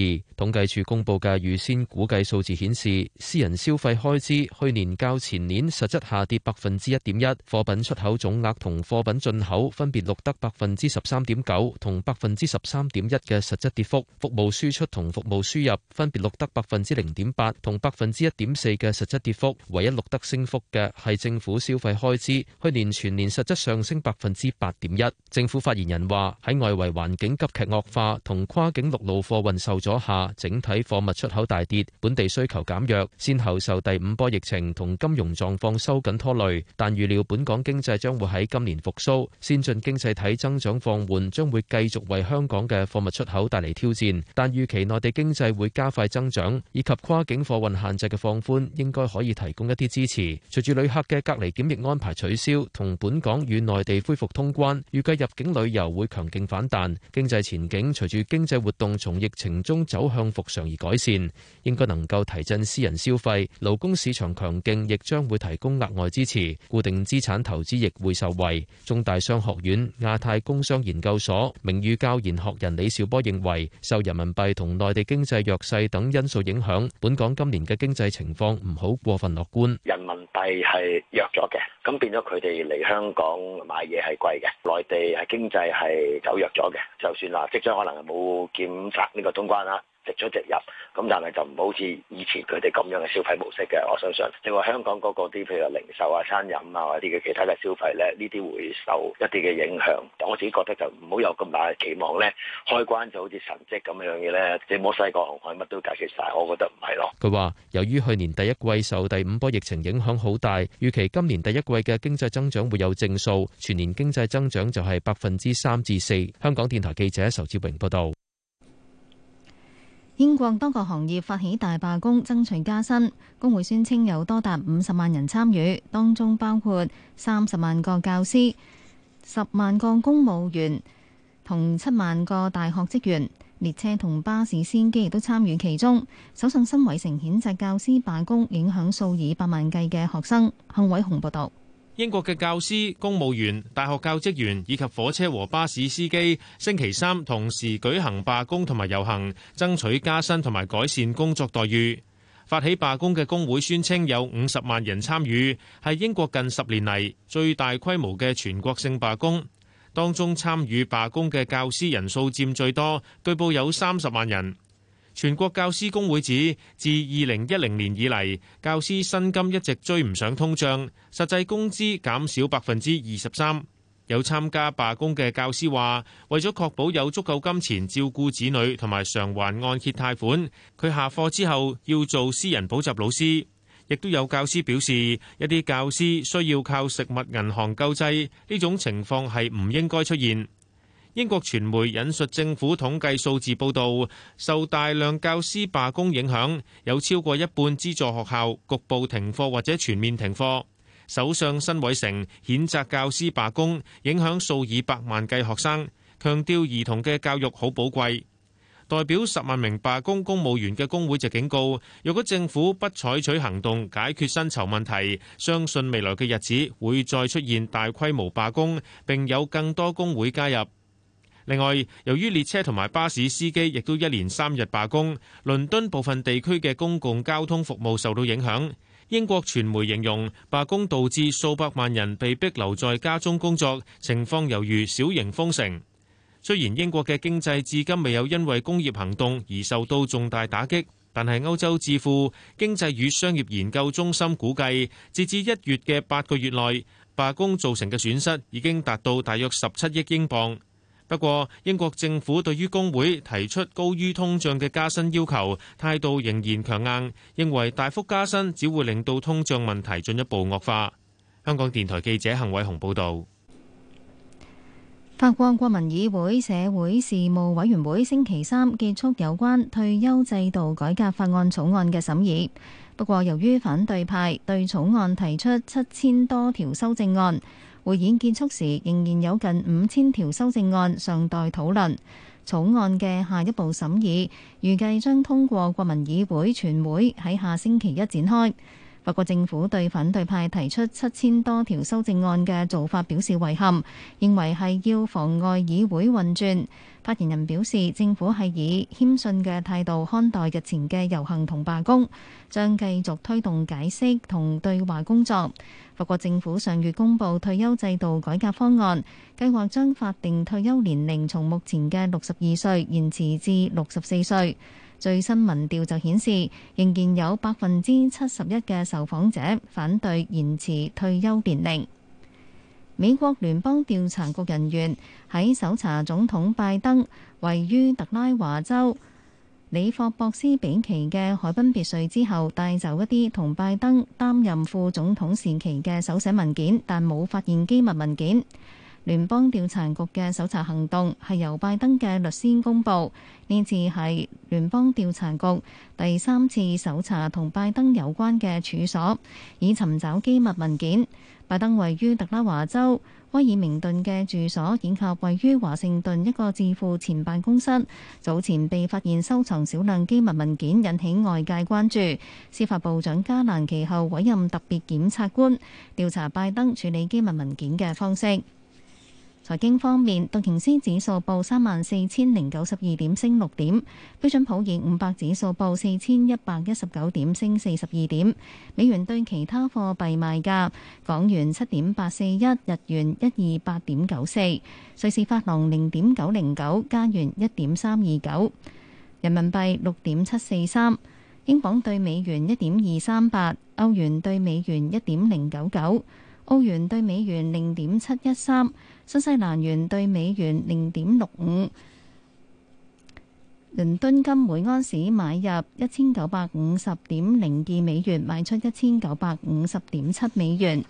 統計處公布嘅預先估計數字顯示，私人消費開支去年較前年實質下跌百分之一點一，貨品出口總額同貨品進口分別錄得百分之十三點九同百分之十三點一嘅實質跌幅，服務輸出同服務輸入分別錄得百分之零點八同百分之一點四嘅實質跌幅，唯一。錄得升幅嘅係政府消費開支，去年全年實質上升百分之八點一。政府發言人話：喺外圍環境急劇惡化同跨境陸路貨運受阻下，整體貨物出口大跌，本地需求減弱，先後受第五波疫情同金融狀況收緊拖累。但預料本港經濟將會喺今年復甦，先進經濟體增長放緩將會繼續為香港嘅貨物出口帶嚟挑戰。但預期內地經濟會加快增長，以及跨境貨運限制嘅放寬，應該可以提供一。啲支持，隨住旅客嘅隔離檢疫安排取消，同本港與內地恢復通關，預計入境旅遊會強勁反彈，經濟前景隨住經濟活動從疫情中走向復常而改善，應該能夠提振私人消費，勞工市場強勁亦將會提供額外支持，固定資產投資亦會受惠。中大商學院亞太工商研究所名譽教研學人李兆波認為，受人民幣同內地經濟弱勢等因素影響，本港今年嘅經濟情況唔好過分樂觀。人民幣係弱咗嘅，咁變咗佢哋嚟香港買嘢係貴嘅。內地係經濟係走弱咗嘅，就算啦，即將可能係冇檢測呢個通關啦。食出直入，咁但係就唔好似以前佢哋咁樣嘅消費模式嘅。我相信，你話香港嗰個啲，譬如零售啊、餐飲啊，或者嘅其他嘅消費咧，呢啲會受一啲嘅影響。我自己覺得就唔好有咁大嘅期望咧，開關就好似神蹟咁樣嘅咧，即係摩西過紅海乜都解決晒，我覺得唔係咯。佢話由於去年第一季受第五波疫情影響好大，預期今年第一季嘅經濟增長會有正數，全年經濟增長就係百分之三至四。香港電台記者仇志榮報道。英國多個行業發起大罷工，爭取加薪。工會宣稱有多達五十萬人參與，當中包括三十萬個教師、十萬個公務員同七萬個大學職員。列車同巴士司機亦都參與其中。首相辛偉誠譴責教師罷工影響數以百萬計嘅學生。向偉雄報道。英國嘅教師、公務員、大學教職員以及火車和巴士司機星期三同時舉行罷工同埋遊行，爭取加薪同埋改善工作待遇。發起罷工嘅工會宣稱有五十萬人參與，係英國近十年嚟最大規模嘅全國性罷工。當中參與罷工嘅教師人數佔最多，據報有三十萬人。全國教師工會指，自二零一零年以嚟，教師薪金一直追唔上通脹，實際工資減少百分之二十三。有參加罷工嘅教師話，為咗確保有足夠金錢照顧子女同埋償還按揭貸款，佢下課之後要做私人補習老師。亦都有教師表示，一啲教師需要靠食物銀行救濟，呢種情況係唔應該出現。英國傳媒引述政府統計數字報導，受大量教師罷工影響，有超過一半資助學校局部停課或者全面停課。首相辛偉誠譴責教師罷工影響數以百萬計學生，強調兒童嘅教育好寶貴。代表十萬名罷工公務員嘅工會就警告，若果政府不採取行動解決薪酬問題，相信未來嘅日子會再出現大規模罷工，並有更多工會加入。另外，由於列車同埋巴士司機亦都一連三日罷工，倫敦部分地區嘅公共交通服務受到影響。英國傳媒形容罷工導致數百萬人被逼留在家中工作，情況猶如小型封城。雖然英國嘅經濟至今未有因為工業行動而受到重大打擊，但係歐洲智庫經濟與商業研究中心估計，截至一月嘅八個月內，罷工造成嘅損失已經達到大約十七億英鎊。不過，英國政府對於工會提出高於通脹嘅加薪要求態度仍然強硬，認為大幅加薪只會令到通脹問題進一步惡化。香港電台記者幸偉雄報導。法國國民議會社會事務委員會星期三結束有關退休制度改革法案草案嘅審議，不過由於反對派對草案提出七千多條修正案。會議結束時，仍然有近五千條修正案尚待討論。草案嘅下一步審議預計將通過國民議會全會喺下星期一展開。法國政府對反對派提出七千多條修正案嘅做法表示遺憾，認為係要妨礙議會運轉。發言人表示，政府係以謙遜嘅態度看待日前嘅遊行同罷工，將繼續推動解釋同對話工作。法國政府上月公布退休制度改革方案，計劃將法定退休年齡從目前嘅六十二歲延遲至六十四歲。最新民調就顯示，仍然有百分之七十一嘅受訪者反對延遲退休年齡。美國聯邦調查局人員喺搜查總統拜登位於特拉華州里霍博斯比奇嘅海濱別墅之後，帶走一啲同拜登擔任副總統時期嘅手寫文件，但冇發現機密文件。聯邦調查局嘅搜查行動係由拜登嘅律師公佈。呢次係聯邦調查局第三次搜查同拜登有關嘅處所，以尋找機密文件。拜登位於特拉華州威爾明頓嘅住所，以及位於華盛頓一個智庫前辦公室，早前被發現收藏少量機密文件，引起外界關注。司法部長加蘭其後委任特別檢察官調查拜登處理機密文件嘅方式。財經方面，道瓊斯指數報三萬四千零九十二點，升六點；標準普爾五百指數報四千一百一十九點，升四十二點。美元對其他貨幣賣價，港元七點八四一，日元一二八點九四，瑞士法郎零點九零九，加元一點三二九，人民幣六點七四三，英鎊對美元一點二三八，歐元對美元一點零九九，澳元對美元零點七一三。新西蘭元對美元零點六五，倫敦金每安士買入一千九百五十點零二美元，賣出一千九百五十點七美元。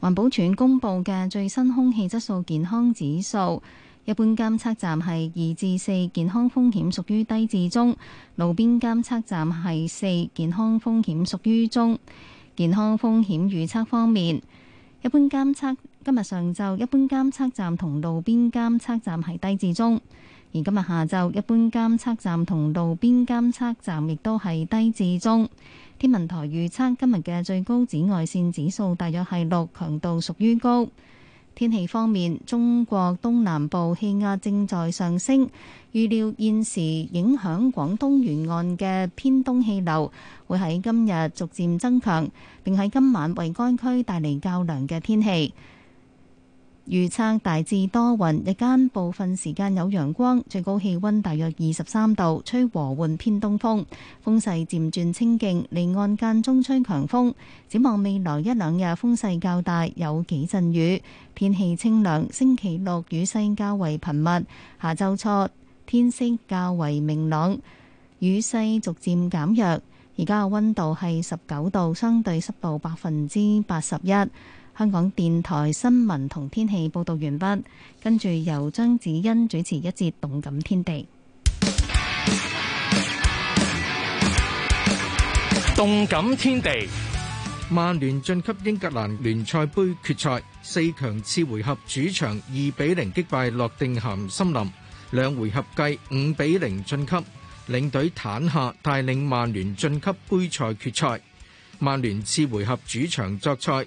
環保署公布嘅最新空氣質素健康指數，一般監測站係二至四，健康風險屬於低至中；路邊監測站係四，健康風險屬於中。健康風險預測方面，一般監測。今日上晝一般監測站同路邊監測站係低至中，而今日下晝一般監測站同路邊監測站亦都係低至中。天文台預測今日嘅最高紫外線指數大約係六，強度屬於高。天氣方面，中國東南部氣壓正在上升，預料現時影響廣東沿岸嘅偏東氣流會喺今日逐漸增強，並喺今晚為該區帶嚟較涼嘅天氣。預測大致多雲，日間部分時間有陽光，最高氣溫大約二十三度，吹和緩偏東風，風勢漸轉清勁，離岸間中吹強風。展望未來一兩日風勢較大，有幾陣雨，天氣清涼。星期六雨勢較為頻密，下周初天色較為明朗，雨勢逐漸減弱。而家嘅溫度係十九度，相對濕度百分之八十一。香港電台新聞同天氣報道完畢，跟住由張子欣主持一節《動感天地》。《動感天地》，曼聯晉級英格蘭聯賽杯決賽四強次回合主場二比零擊敗諾定咸森林，兩回合計五比零晉級，領隊坦夏帶領曼聯晉級杯賽決賽。曼聯次回合主場作賽。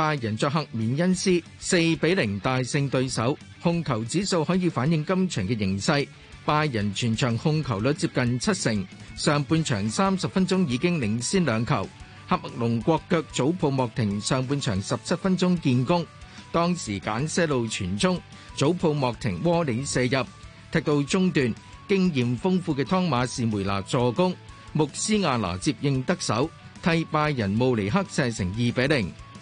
拜仁作客緬恩斯四比零大勝對手，控球指數可以反映今場嘅形勢。拜仁全場控球率接近七成，上半場三十分鐘已經領先兩球。喀麥隆國腳祖普莫廷上半場十七分鐘建功，當時簡西路傳中，祖普莫廷窩裏射入。踢到中段，經驗豐富嘅湯馬士梅拿助攻，穆斯亞拿接應得手，替拜仁慕尼黑射成二比零。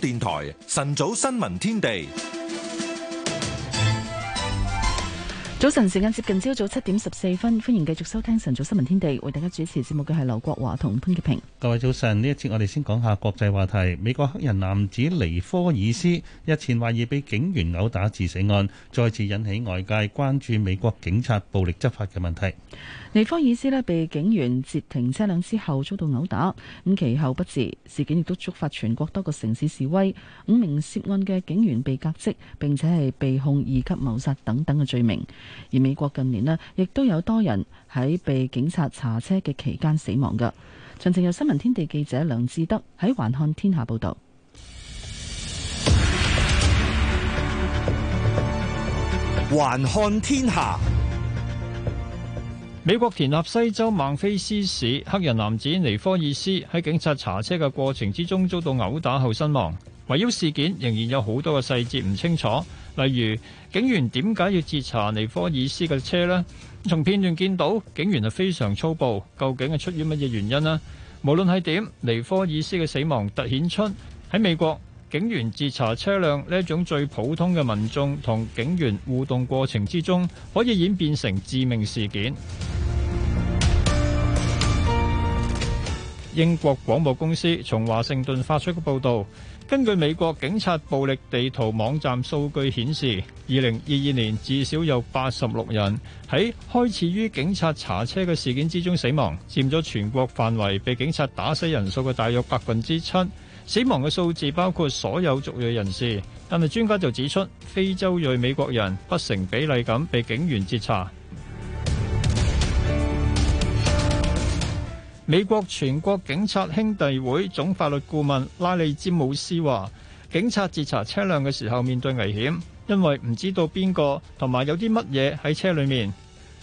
電台晨早新聞天地，早晨時間接近朝早七點十四分，歡迎繼續收聽晨早新聞天地。為大家主持節目嘅係劉國華同潘潔平。各位早晨，呢一次我哋先講下國際話題。美國黑人男子尼科爾斯日前懷疑被警員毆打致死案，再次引起外界關注美國警察暴力執法嘅問題。尼科爾斯呢，被警員截停車輛之後遭到毆打，咁其後不治。事件亦都觸發全國多個城市示威。五名涉案嘅警員被革職，並且係被控二級謀殺等等嘅罪名。而美國近年呢亦都有多人喺被警察查車嘅期間死亡噶。詳情由新聞天地記者梁志德喺《環看天下》報道。環看天下。美國田納西州孟菲斯市黑人男子尼科爾斯喺警察查車嘅過程之中遭到毆打後身亡。圍繞事件仍然有好多嘅細節唔清楚，例如警員點解要截查尼科爾斯嘅車呢？從片段見到警員係非常粗暴，究竟係出於乜嘢原因呢？無論係點，尼科爾斯嘅死亡突顯出喺美國警員截查車輛呢一種最普通嘅民眾同警員互動過程之中，可以演變成致命事件。英國廣播公司從華盛頓發出嘅報道，根據美國警察暴力地圖網站數據顯示，二零二二年至少有八十六人喺開始於警察查車嘅事件之中死亡，佔咗全國範圍被警察打死人數嘅大約百分之七。死亡嘅數字包括所有族裔人士，但係專家就指出，非洲裔美國人不成比例咁被警員截查。美國全國警察兄弟會總法律顧問拉利詹姆斯話，警察截查車輛嘅時候面對危險，因為唔知道邊個同埋有啲乜嘢喺車裏面。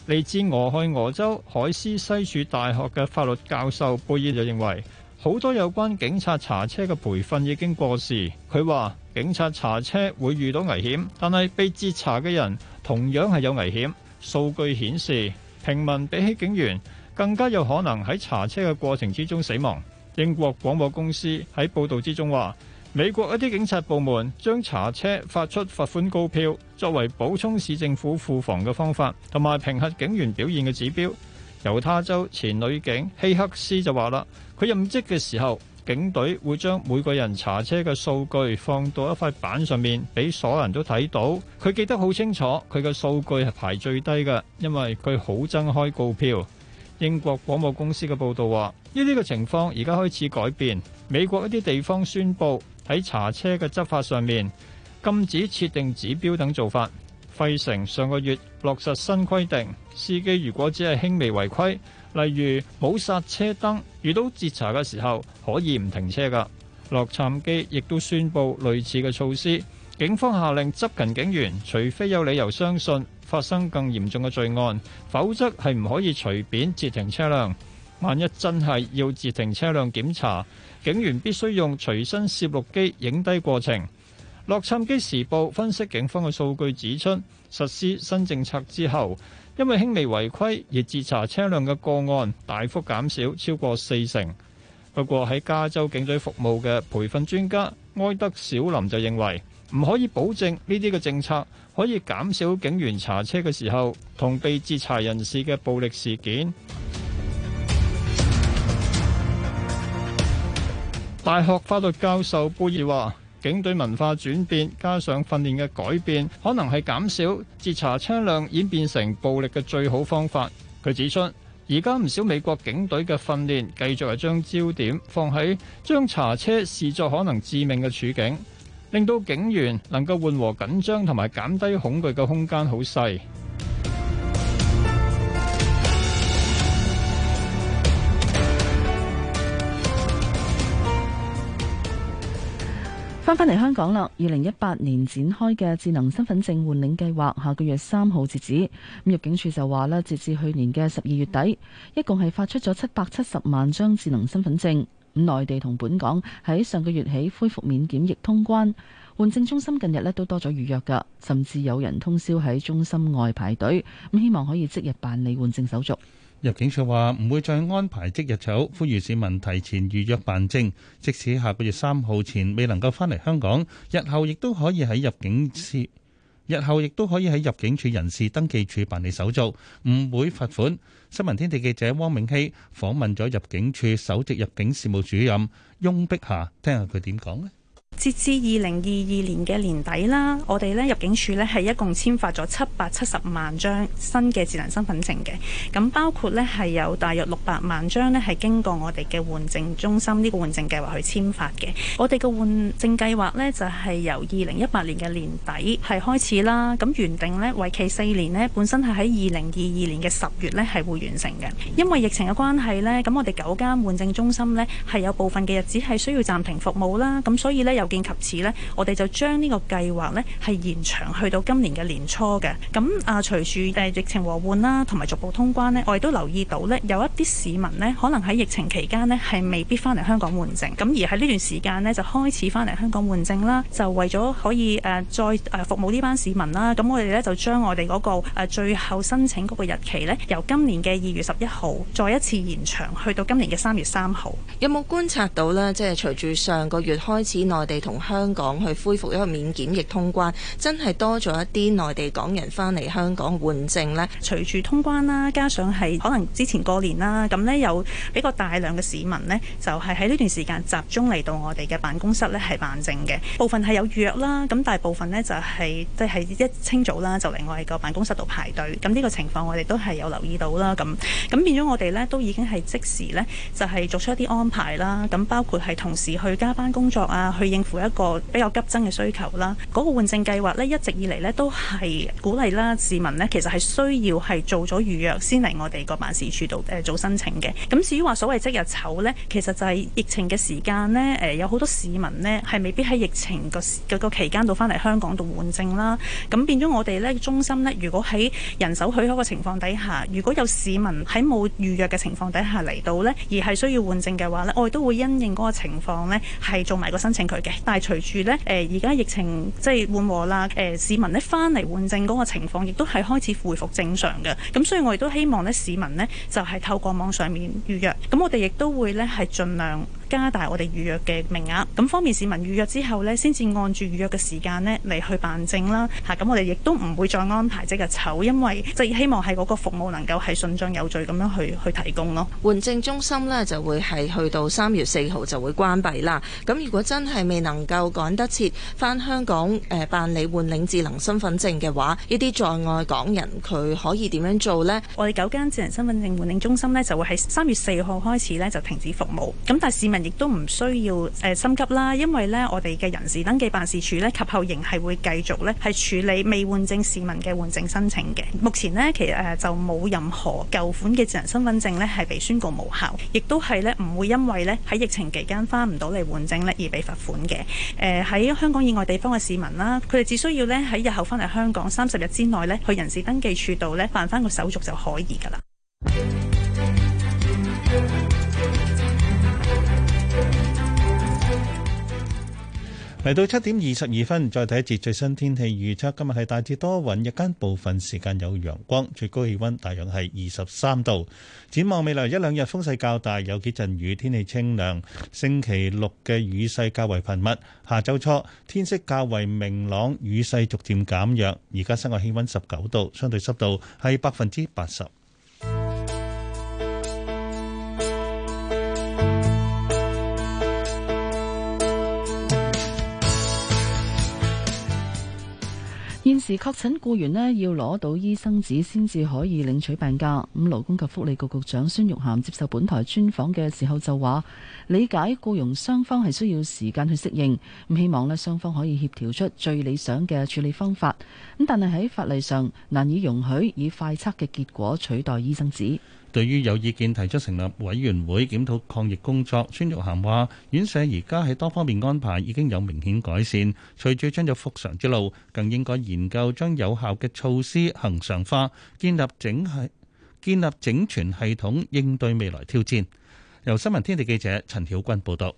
嚟自俄亥俄州海斯西儲大學嘅法律教授貝爾就認為，好多有關警察查車嘅培訓已經過時。佢話警察查車會遇到危險，但係被截查嘅人同樣係有危險。數據顯示，平民比起警員。更加有可能喺查車嘅過程之中死亡。英國廣播公司喺報道之中話，美國一啲警察部門將查車發出罰款告票，作為補充市政府庫房嘅方法，同埋評核警員表現嘅指標。猶他州前女警希克斯就話啦：佢任職嘅時候，警隊會將每個人查車嘅數據放到一塊板上面，俾所有人都睇到。佢記得好清楚，佢嘅數據係排最低嘅，因為佢好憎開告票。英國廣播公司嘅報道話，呢啲嘅情況而家開始改變。美國一啲地方宣布喺查車嘅執法上面禁止設定指標等做法。費城上個月落實新規定，司機如果只係輕微違規，例如冇剎車燈，遇到截查嘅時候可以唔停車噶。洛杉磯亦都宣布類似嘅措施。警方下令執勤警員，除非有理由相信發生更嚴重嘅罪案，否則係唔可以隨便截停車輛。萬一真係要截停車輛檢查，警員必須用隨身攝錄機影低過程。洛杉磯時報分析警方嘅數據，指出實施新政策之後，因為輕微違規而截查車輛嘅個案大幅減少，超過四成。不過喺加州警隊服務嘅培訓專家埃德小林就認為。唔可以保證呢啲嘅政策可以減少警員查車嘅時候同被截查人士嘅暴力事件。 大學法律教授貝爾話：警隊文化轉變加上訓練嘅改變，可能係減少截查車輛演變成暴力嘅最好方法。佢指出，而家唔少美國警隊嘅訓練繼續係將焦點放喺將查車視作可能致命嘅處境。令到警員能夠緩和緊張同埋減低恐懼嘅空間好細。返返嚟香港喇，二零一八年展開嘅智能身份證換領計劃，下個月三號截止。咁入境處就話咧，截至去年嘅十二月底，一共係發出咗七百七十萬張智能身份證。咁內地同本港喺上個月起恢復免檢疫通關，換證中心近日呢都多咗預約㗎，甚至有人通宵喺中心外排隊，咁希望可以即日辦理換證手續。入境處話唔會再安排即日籌，呼籲市民提前預約辦證。即使下個月三號前未能夠返嚟香港，日後亦都可以喺入境處，日後亦都可以喺入境處人事登記處辦理手續，唔會罰款。新聞天地記者汪明熙訪問咗入境處首席入境事務主任翁碧霞，聽下佢點講咧。截至二零二二年嘅年底啦，我哋咧，入境處咧，係一共簽發咗七百七十萬張新嘅智能身份證嘅。咁包括咧，係有大約六百萬張咧係經過我哋嘅換證中心呢個換證計劃去簽發嘅。我哋嘅換證計劃咧就係、是、由二零一八年嘅年底係開始啦。咁原定咧為期四年咧，本身係喺二零二二年嘅十月咧係會完成嘅。因為疫情嘅關係咧，咁我哋九間換證中心咧係有部分嘅日子係需要暫停服務啦。咁所以咧有見及此呢，我哋就將呢個計劃呢係延長去到今年嘅年初嘅。咁啊，隨住誒疫情和緩啦，同埋逐步通關呢，我哋都留意到呢，有一啲市民呢可能喺疫情期間呢係未必翻嚟香港換證，咁而喺呢段時間呢，就開始翻嚟香港換證啦。就為咗可以誒再誒服務呢班市民啦，咁我哋呢就將我哋嗰個誒最後申請嗰個日期呢，由今年嘅二月十一號再一次延長去到今年嘅三月三號。有冇觀察到呢？即係隨住上個月開始內地。同香港去恢復一個免檢疫通關，真係多咗一啲內地港人翻嚟香港換證咧。隨住通關啦，加上係可能之前過年啦，咁咧有比較大量嘅市民咧，就係喺呢段時間集中嚟到我哋嘅辦公室咧係辦證嘅。部分係有預約啦，咁大部分咧就係即係一清早啦，就嚟我哋個辦公室度排隊，咁呢個情況我哋都係有留意到啦。咁咁變咗我哋咧都已經係即時咧就係做出一啲安排啦。咁包括係同時去加班工作啊，去應。乎一個比較急增嘅需求啦，嗰個換證計劃咧一直以嚟咧都係鼓勵啦市民呢，其實係需要係做咗預約先嚟我哋個辦事處度誒做申請嘅。咁至於話所謂即日籌呢，其實就係疫情嘅時間呢，誒、呃，有好多市民呢係未必喺疫情個個期間度翻嚟香港度換證啦。咁變咗我哋呢中心呢，如果喺人手許可嘅情況底下，如果有市民喺冇預約嘅情況底下嚟到呢，而係需要換證嘅話呢，我哋都會因應嗰個情況呢，係做埋個申請佢嘅。但係隨住咧，誒而家疫情即係緩和啦，誒、呃、市民咧翻嚟換證嗰個情況，亦都係開始恢復正常嘅。咁所以我亦都希望咧，市民咧就係、是、透過網上面預約。咁我哋亦都會咧係盡量。加大我哋預約嘅名額，咁方便市民預約之後咧，先至按住預約嘅時間咧嚟去辦證啦。吓、啊，咁、啊啊、我哋亦都唔會再安排即日籌，因為就希望係嗰個服務能夠係順暢有序咁樣去去提供咯。換證中心咧就會係去到三月四號就會關閉啦。咁如果真係未能夠趕得切翻香港誒、呃、辦理換領智能身份證嘅話，呢啲在外港人佢可以點樣做咧？我哋九間智能身份證換領中心咧就會喺三月四號開始咧就停止服務，咁但係市民。亦都唔需要誒、呃、心急啦，因為呢，我哋嘅人事登記辦事處咧，及後仍係會繼續咧，係處理未換證市民嘅換證申請嘅。目前呢，其實誒就冇任何舊款嘅智能身份證咧係被宣告無效，亦都係咧唔會因為咧喺疫情期間翻唔到嚟換證咧而被罰款嘅。誒、呃、喺香港以外地方嘅市民啦，佢、啊、哋只需要咧喺日後翻嚟香港三十日之內咧，去人事登記處度咧辦翻個手續就可以㗎啦。嚟到七點二十二分，再睇一節最新天氣預測。今日係大致多雲，日間部分時間有陽光，最高氣温大約係二十三度。展望未來一兩日風勢較大，有幾陣雨，天氣清涼。星期六嘅雨勢較為頻密，下週初天色較為明朗，雨勢逐漸減弱。而家室外氣温十九度，相對濕度係百分之八十。現時確診僱員呢，要攞到醫生紙先至可以領取病假。咁勞工及福利局局長孫玉菡接受本台專訪嘅時候就話：理解僱傭雙方係需要時間去適應，咁希望咧雙方可以協調出最理想嘅處理方法。咁但係喺法例上難以容許以快測嘅結果取代醫生紙。對於有意見提出成立委員會檢討抗疫工作，孫玉菡話：院舍而家喺多方面安排已經有明顯改善，隨住將走復常之路，更應該研究將有效嘅措施恒常化，建立整係建立整全系統應對未來挑戰。由新聞天地記者陳曉君報道。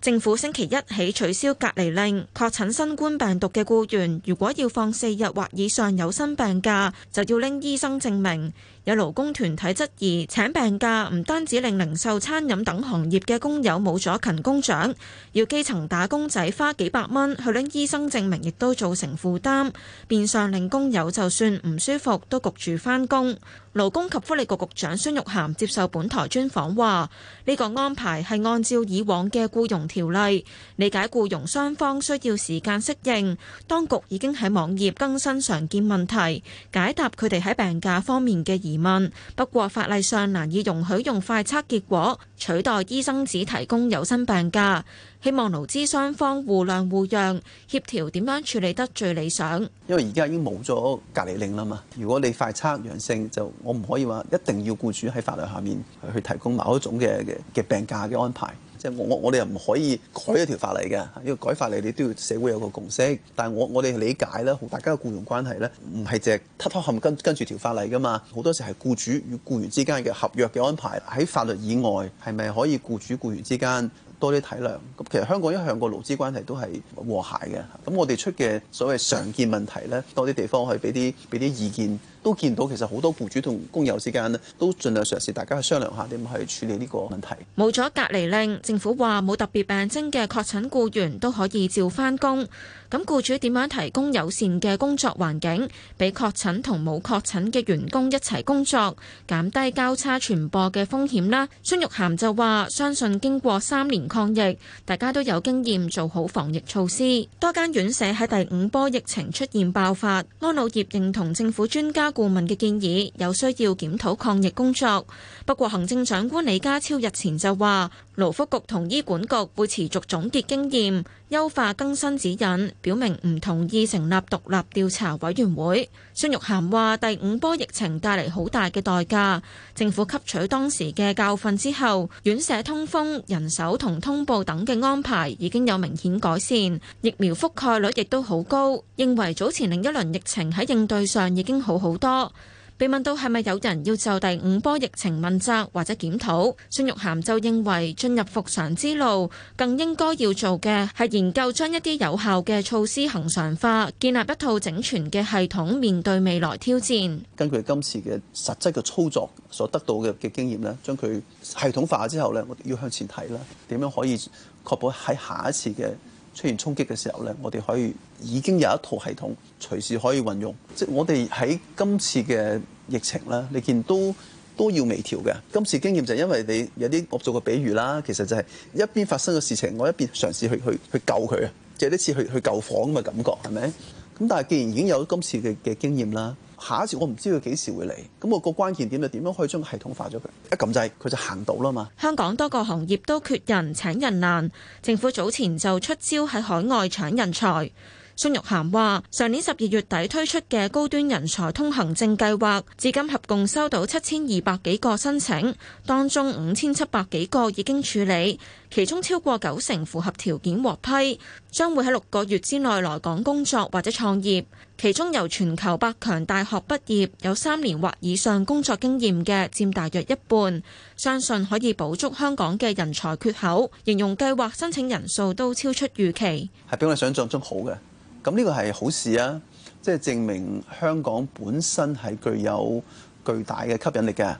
政府星期一起取消隔離令，確診新冠病毒嘅雇員如果要放四日或以上有薪病假，就要拎醫生證明。有勞工團體質疑請病假唔單止令零售、餐飲等行業嘅工友冇咗勤工獎，要基層打工仔花幾百蚊去拎醫生證明，亦都造成負擔，變相令工友就算唔舒服都焗住返工。勞工及福利局局，局長孫玉菡接受本台專訪話：呢、這個安排係按照以往嘅僱傭條例，理解僱傭雙方需要時間適應，當局已經喺網頁更新常見問題，解答佢哋喺病假方面嘅疑疑問，不過法例上難以容許用快測結果取代醫生紙提供有薪病假，希望勞資雙方互諒互讓，協調點樣處理得最理想。因為而家已經冇咗隔離令啦嘛，如果你快測陽性，就我唔可以話一定要僱主喺法律下面去提供某一種嘅嘅病假嘅安排。即係我我哋又唔可以改一條法例嘅，要改法例，你都要社會有個共識。但係我我哋理解咧，同大家嘅僱用關係咧，唔係淨係吞吞含跟跟住條法例㗎嘛。好多時係僱主與僱員之間嘅合約嘅安排喺法律以外，係咪可以僱主僱員之間多啲體諒？咁其實香港一向個勞資關係都係和諧嘅。咁我哋出嘅所謂常見問題咧，多啲地方去俾啲俾啲意見。都見到其實好多僱主同工友之間呢，都盡量嘗試大家去商量下點去處理呢個問題。冇咗隔離令，政府話冇特別病徵嘅確診僱員都可以照返工。咁僱主點樣提供友善嘅工作環境，俾確診同冇確診嘅員工一齊工作，減低交叉傳播嘅風險呢？孫玉涵就話：相信經過三年抗疫，大家都有經驗做好防疫措施。多間院舍喺第五波疫情出現爆發，安老業認同政府專家。顧問嘅建議有需要檢討抗疫工作，不過行政長官李家超日前就話，勞福局同醫管局會持續總結經驗。優化更新指引，表明唔同意成立獨立調查委員會。孫玉菡話第五波疫情帶嚟，好大嘅代價，政府吸取當時嘅教訓之後，院舍通風人手同通報等嘅安排已經有明顯改善，疫苗覆蓋率亦都好高，認為早前另一輪疫情喺應對上已經好好多。被問到係咪有人要就第五波疫情問責或者檢討，孫玉涵就認為進入復常之路，更應該要做嘅係研究將一啲有效嘅措施恒常化，建立一套整全嘅系統，面對未來挑戰。根據今次嘅實質嘅操作所得到嘅嘅經驗咧，將佢系統化之後咧，我哋要向前睇啦，點樣可以確保喺下一次嘅出現衝擊嘅時候呢我哋可以已經有一套系統隨時可以運用。即係我哋喺今次嘅疫情啦，你見都都要微調嘅。今次經驗就係因為你有啲，我做個比喻啦，其實就係一邊發生嘅事情，我一邊嘗試去去去救佢啊，即係呢次去去救火咁嘅感覺係咪？咁但係既然已經有今次嘅嘅經驗啦。下一次我唔知佢幾時會嚟，咁我個關鍵點就點樣，點樣可以將個系統化咗佢？一撳掣佢就行到啦嘛。香港多個行業都缺人，請人難。政府早前就出招喺海外搶人才。孫玉菡話：上年十二月底推出嘅高端人才通行證計劃，至今合共收到七千二百幾個申請，當中五千七百幾個已經處理，其中超過九成符合條件獲批，將會喺六個月之內來港工作或者創業。其中由全球百強大學畢業，有三年或以上工作經驗嘅，佔大約一半，相信可以補足香港嘅人才缺口。形容計劃申請人數都超出預期，係比我哋想象中好嘅。咁呢個係好事啊，即係證明香港本身係具有巨大嘅吸引力嘅。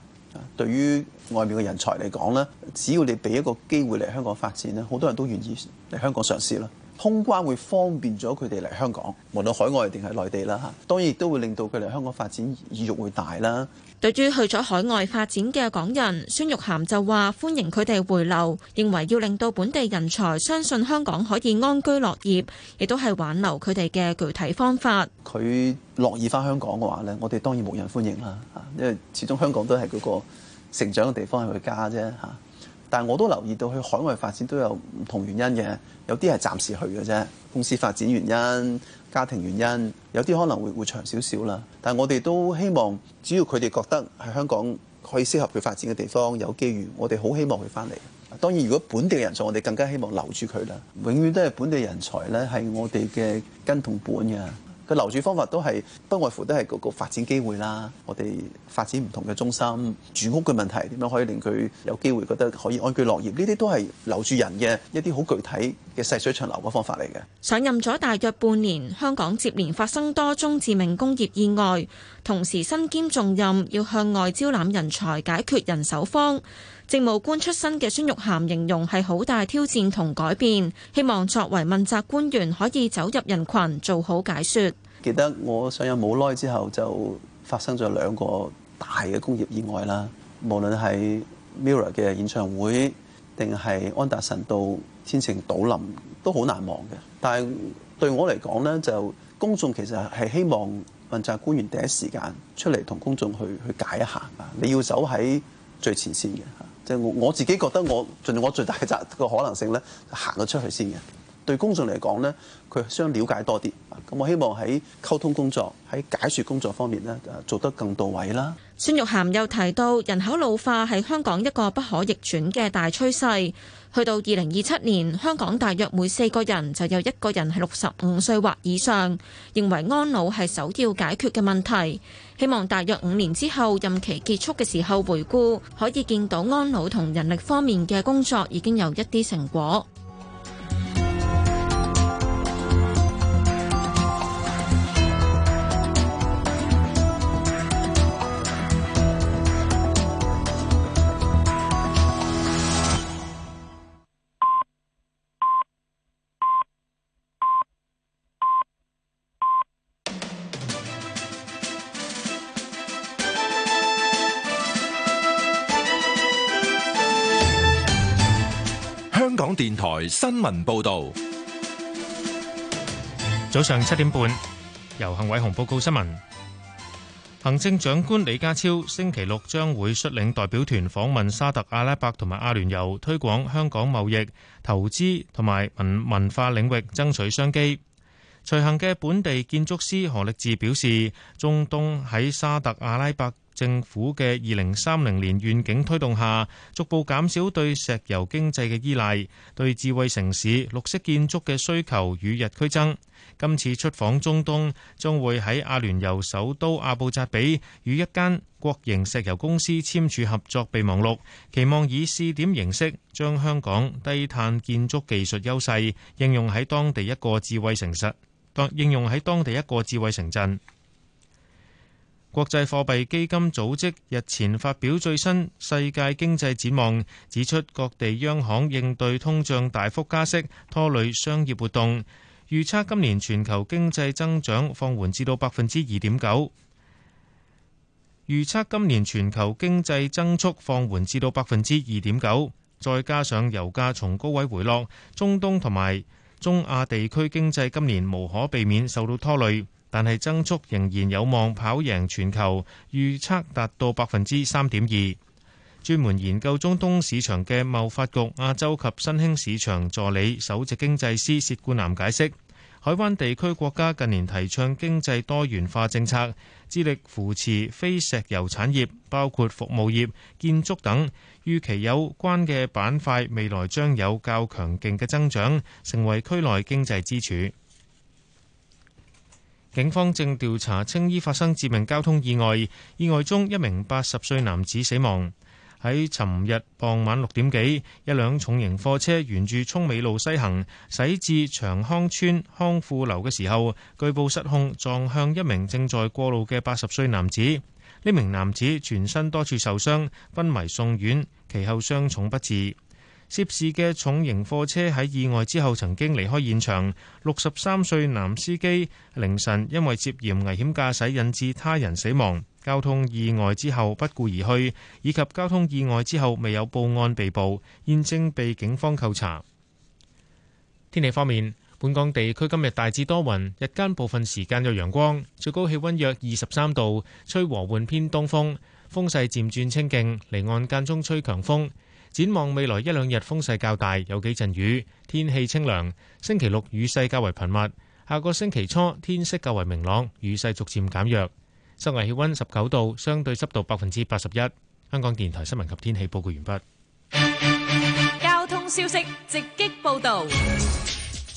對於外面嘅人才嚟講咧，只要你俾一個機會嚟香港發展咧，好多人都願意嚟香港嘗試啦。通關會方便咗佢哋嚟香港，無論海外定係內地啦，嚇。當然都會令到佢嚟香港發展意欲會大啦。對於去咗海外發展嘅港人，孫玉菡就話歡迎佢哋回流，認為要令到本地人才相信香港可以安居樂業，亦都係挽留佢哋嘅具體方法。佢樂意翻香港嘅話咧，我哋當然冇人歡迎啦，嚇，因為始終香港都係嗰個成長嘅地方係佢家啫，嚇。但係我都留意到，去海外發展都有唔同原因嘅，有啲係暫時去嘅啫，公司發展原因、家庭原因，有啲可能會會長少少啦。但係我哋都希望，只要佢哋覺得喺香港可以適合佢發展嘅地方有機遇，我哋好希望佢翻嚟。當然，如果本地人才，我哋更加希望留住佢啦。永遠都係本地人才咧，係我哋嘅根同本嘅。佢留住方法都係不外乎都係個個發展機會啦，我哋發展唔同嘅中心，住屋嘅問題，點樣可以令佢有機會覺得可以安居樂業，呢啲都係留住人嘅一啲好具體嘅細水長流嘅方法嚟嘅。上任咗大約半年，香港接連發生多宗致命工業意外，同時身兼重任，要向外招攬人才，解決人手荒。政務官出身嘅孫玉菡形容係好大挑戰同改變，希望作為問責官員可以走入人群做好解説。記得我上任冇耐之後就發生咗兩個大嘅工業意外啦，無論係 Mirror 嘅演唱會定係安達臣道天秤倒塌都好難忘嘅。但係對我嚟講呢，就公眾其實係希望問責官員第一時間出嚟同公眾去去解一下。你要走喺最前線嘅。我自己覺得，我盡我最大嘅責個可能性咧，就行咗出去先嘅。對公眾嚟講咧，佢想瞭解多啲。咁我希望喺溝通工作、喺解說工作方面咧，做得更到位啦。孫玉菡又提到，人口老化係香港一個不可逆轉嘅大趨勢。去到二零二七年，香港大約每四個人就有一個人係六十五歲或以上。認為安老係首要解決嘅問題。希望大約五年之後任期結束嘅時候，回顧可以見到安老同人力方面嘅工作已經有一啲成果。電台新聞報道，早上七點半，由幸偉雄報告新聞。行政長官李家超星期六將會率領代表團訪問沙特阿拉伯同埋阿聯酋，推廣香港貿易、投資同埋文文化領域，爭取商機。隨行嘅本地建築師何力智表示，中東喺沙特阿拉伯，政府嘅二零三零年願景推動下，逐步減少對石油經濟嘅依賴，對智慧城市、綠色建築嘅需求與日俱增。今次出訪中東將會喺阿聯酋首都阿布扎比與一間國營石油公司簽署合作備忘錄，期望以試點形式將香港低碳建築技術優勢應用喺當地一個智慧城市，當應用喺當地一個智慧城鎮。國際貨幣基金組織日前發表最新世界經濟展望，指出各地央行應對通脹大幅加息，拖累商業活動。預測今年全球經濟增長放緩至到百分之二點九。預測今年全球經濟增速放緩至到百分之二點九。再加上油價從高位回落，中東同埋中亞地區經濟今年無可避免受到拖累。但係增速仍然有望跑贏全球，預測達到百分之三點二。專門研究中東市場嘅貿發局亞洲及新興市場助理首席經濟師薛冠南解釋，海灣地區國家近年提倡經濟多元化政策，致力扶持非石油產業，包括服務業、建築等。與其有關嘅板塊未來將有較強勁嘅增長，成為區內經濟支柱。警方正調查青衣發生致命交通意外，意外中一名八十歲男子死亡。喺尋日傍晚六點幾，一輛重型貨車沿住涌美路西行，駛至長康村康富樓嘅時候，據報失控撞向一名正在過路嘅八十歲男子。呢名男子全身多處受傷，昏迷送院，其後傷重不治。涉事嘅重型貨車喺意外之後曾經離開現場。六十三歲男司機凌晨因為涉嫌危險駕駛引致他人死亡，交通意外之後不顧而去，以及交通意外之後未有報案被捕，現正被警方扣查。天氣方面，本港地區今日大致多雲，日間部分時間有陽光，最高氣溫約二十三度，吹和緩偏東風，風勢漸轉清勁，離岸間中吹強風。展望未來一兩日風勢較大，有幾陣雨，天氣清涼。星期六雨勢較為頻密，下個星期初天色較為明朗，雨勢逐漸減弱。室外氣温十九度，相對濕度百分之八十一。香港電台新聞及天氣報告完畢。交通消息直擊報道。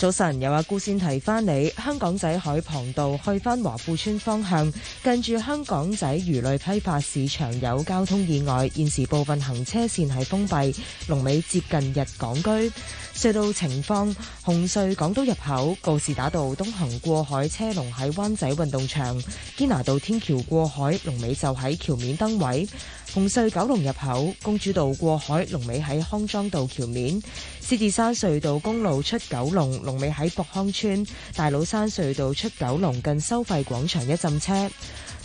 早晨，有阿姑先提翻你。香港仔海傍道去翻華富村方向，近住香港仔魚類批發市場有交通意外，現時部分行車線係封閉，龍尾接近日港居隧道情況，紅隧港島入口告士打道東行過海車龍喺灣仔運動場堅拿道天橋過海龍尾就喺橋面燈位。紅隧九龍入口，公主道過海，龍尾喺康莊道橋面；獅子山隧道公路出九龍，龍尾喺博康村；大老山隧道出九龍，近收費廣場一浸車。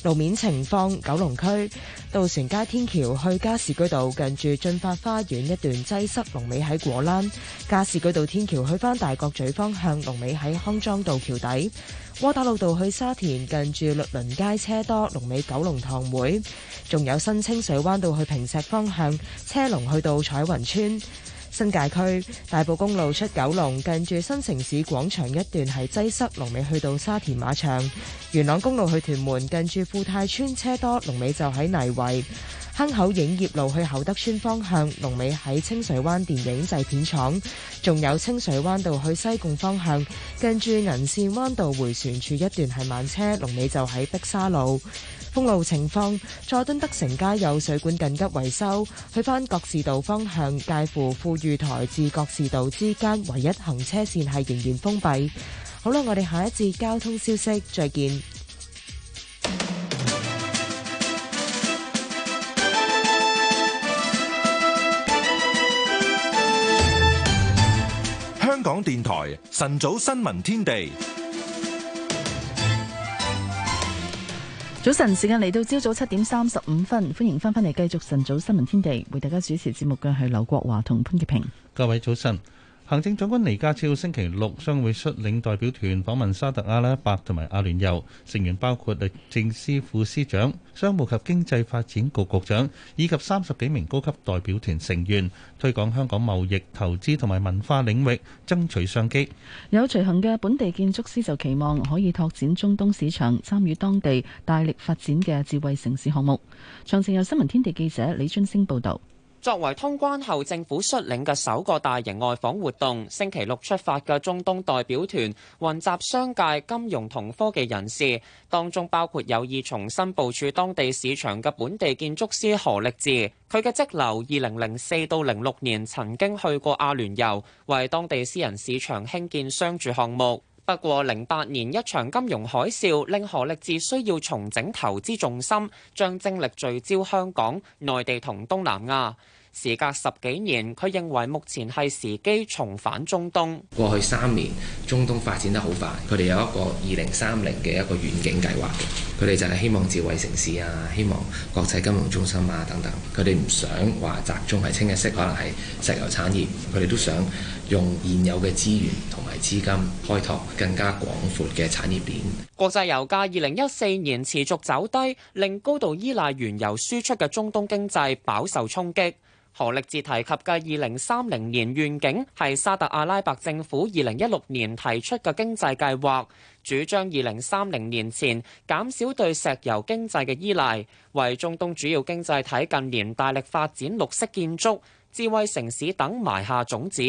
路面情況，九龍區渡船街天橋去加士居道，近住進發花園一段擠塞，龍尾喺果欄；加士居道天橋去返大角咀方向，龍尾喺康莊道橋底；窩打老道去沙田，近住律倫街車多，龍尾九龍塘會；仲有新清水灣道去坪石方向，車龍去到彩雲村。新界區大埔公路出九龍，近住新城市廣場一段係擠塞，龍尾去到沙田馬場。元朗公路去屯門，近住富泰村車多，龍尾就喺泥圍。坑口影業路去厚德村方向，龍尾喺清水灣電影製片廠。仲有清水灣道去西貢方向，近住銀線灣道回旋處一段係慢車，龍尾就喺碧沙路。封路情況，佐敦德城街有水管緊急維修，去翻各士道方向，介乎富裕台至各士道之間唯一行車線係仍然封閉。好啦，我哋下一節交通消息，再見。香港電台晨早新聞天地。早晨，時間嚟到朝早七點三十五分，歡迎翻返嚟繼續晨早新聞天地，為大家主持節目嘅係劉國華同潘潔平。各位早晨。行政長官李家超星期六將會率領代表團訪問沙特阿拉伯同埋阿聯酋，成員包括律政司副司長、商務及經濟發展局局長以及三十幾名高級代表團成員，推廣香港貿易、投資同埋文化領域，爭取商機。有隨行嘅本地建築師就期望可以拓展中東市場，參與當地大力發展嘅智慧城市項目。詳情由新聞天地記者李俊星報道。作為通關後政府率領嘅首個大型外訪活動，星期六出發嘅中東代表團雲集商界、金融同科技人士，當中包括有意重新部署當地市場嘅本地建築師何力智。佢嘅則樓二零零四到零六年曾經去過阿聯酋，為當地私人市場興建商住項目。不過，零八年一場金融海嘯令何力智需要重整投資重心，將精力聚焦香港、內地同東南亞。時隔十幾年，佢認為目前係時機重返中東。過去三年，中東發展得好快。佢哋有一個二零三零嘅一個遠景計劃，佢哋就係希望智慧城市啊，希望國際金融中心啊等等。佢哋唔想話集中係清一色，可能係石油產業。佢哋都想用現有嘅資源同埋資金開拓更加廣闊嘅產業鏈。國際油價二零一四年持續走低，令高度依賴原油輸出嘅中東經濟飽受衝擊。何力志提及嘅二零三零年願景，係沙特阿拉伯政府二零一六年提出嘅經濟計劃，主張二零三零年前減少對石油經濟嘅依賴，為中東主要經濟體近年大力發展綠色建築、智慧城市等埋下種子。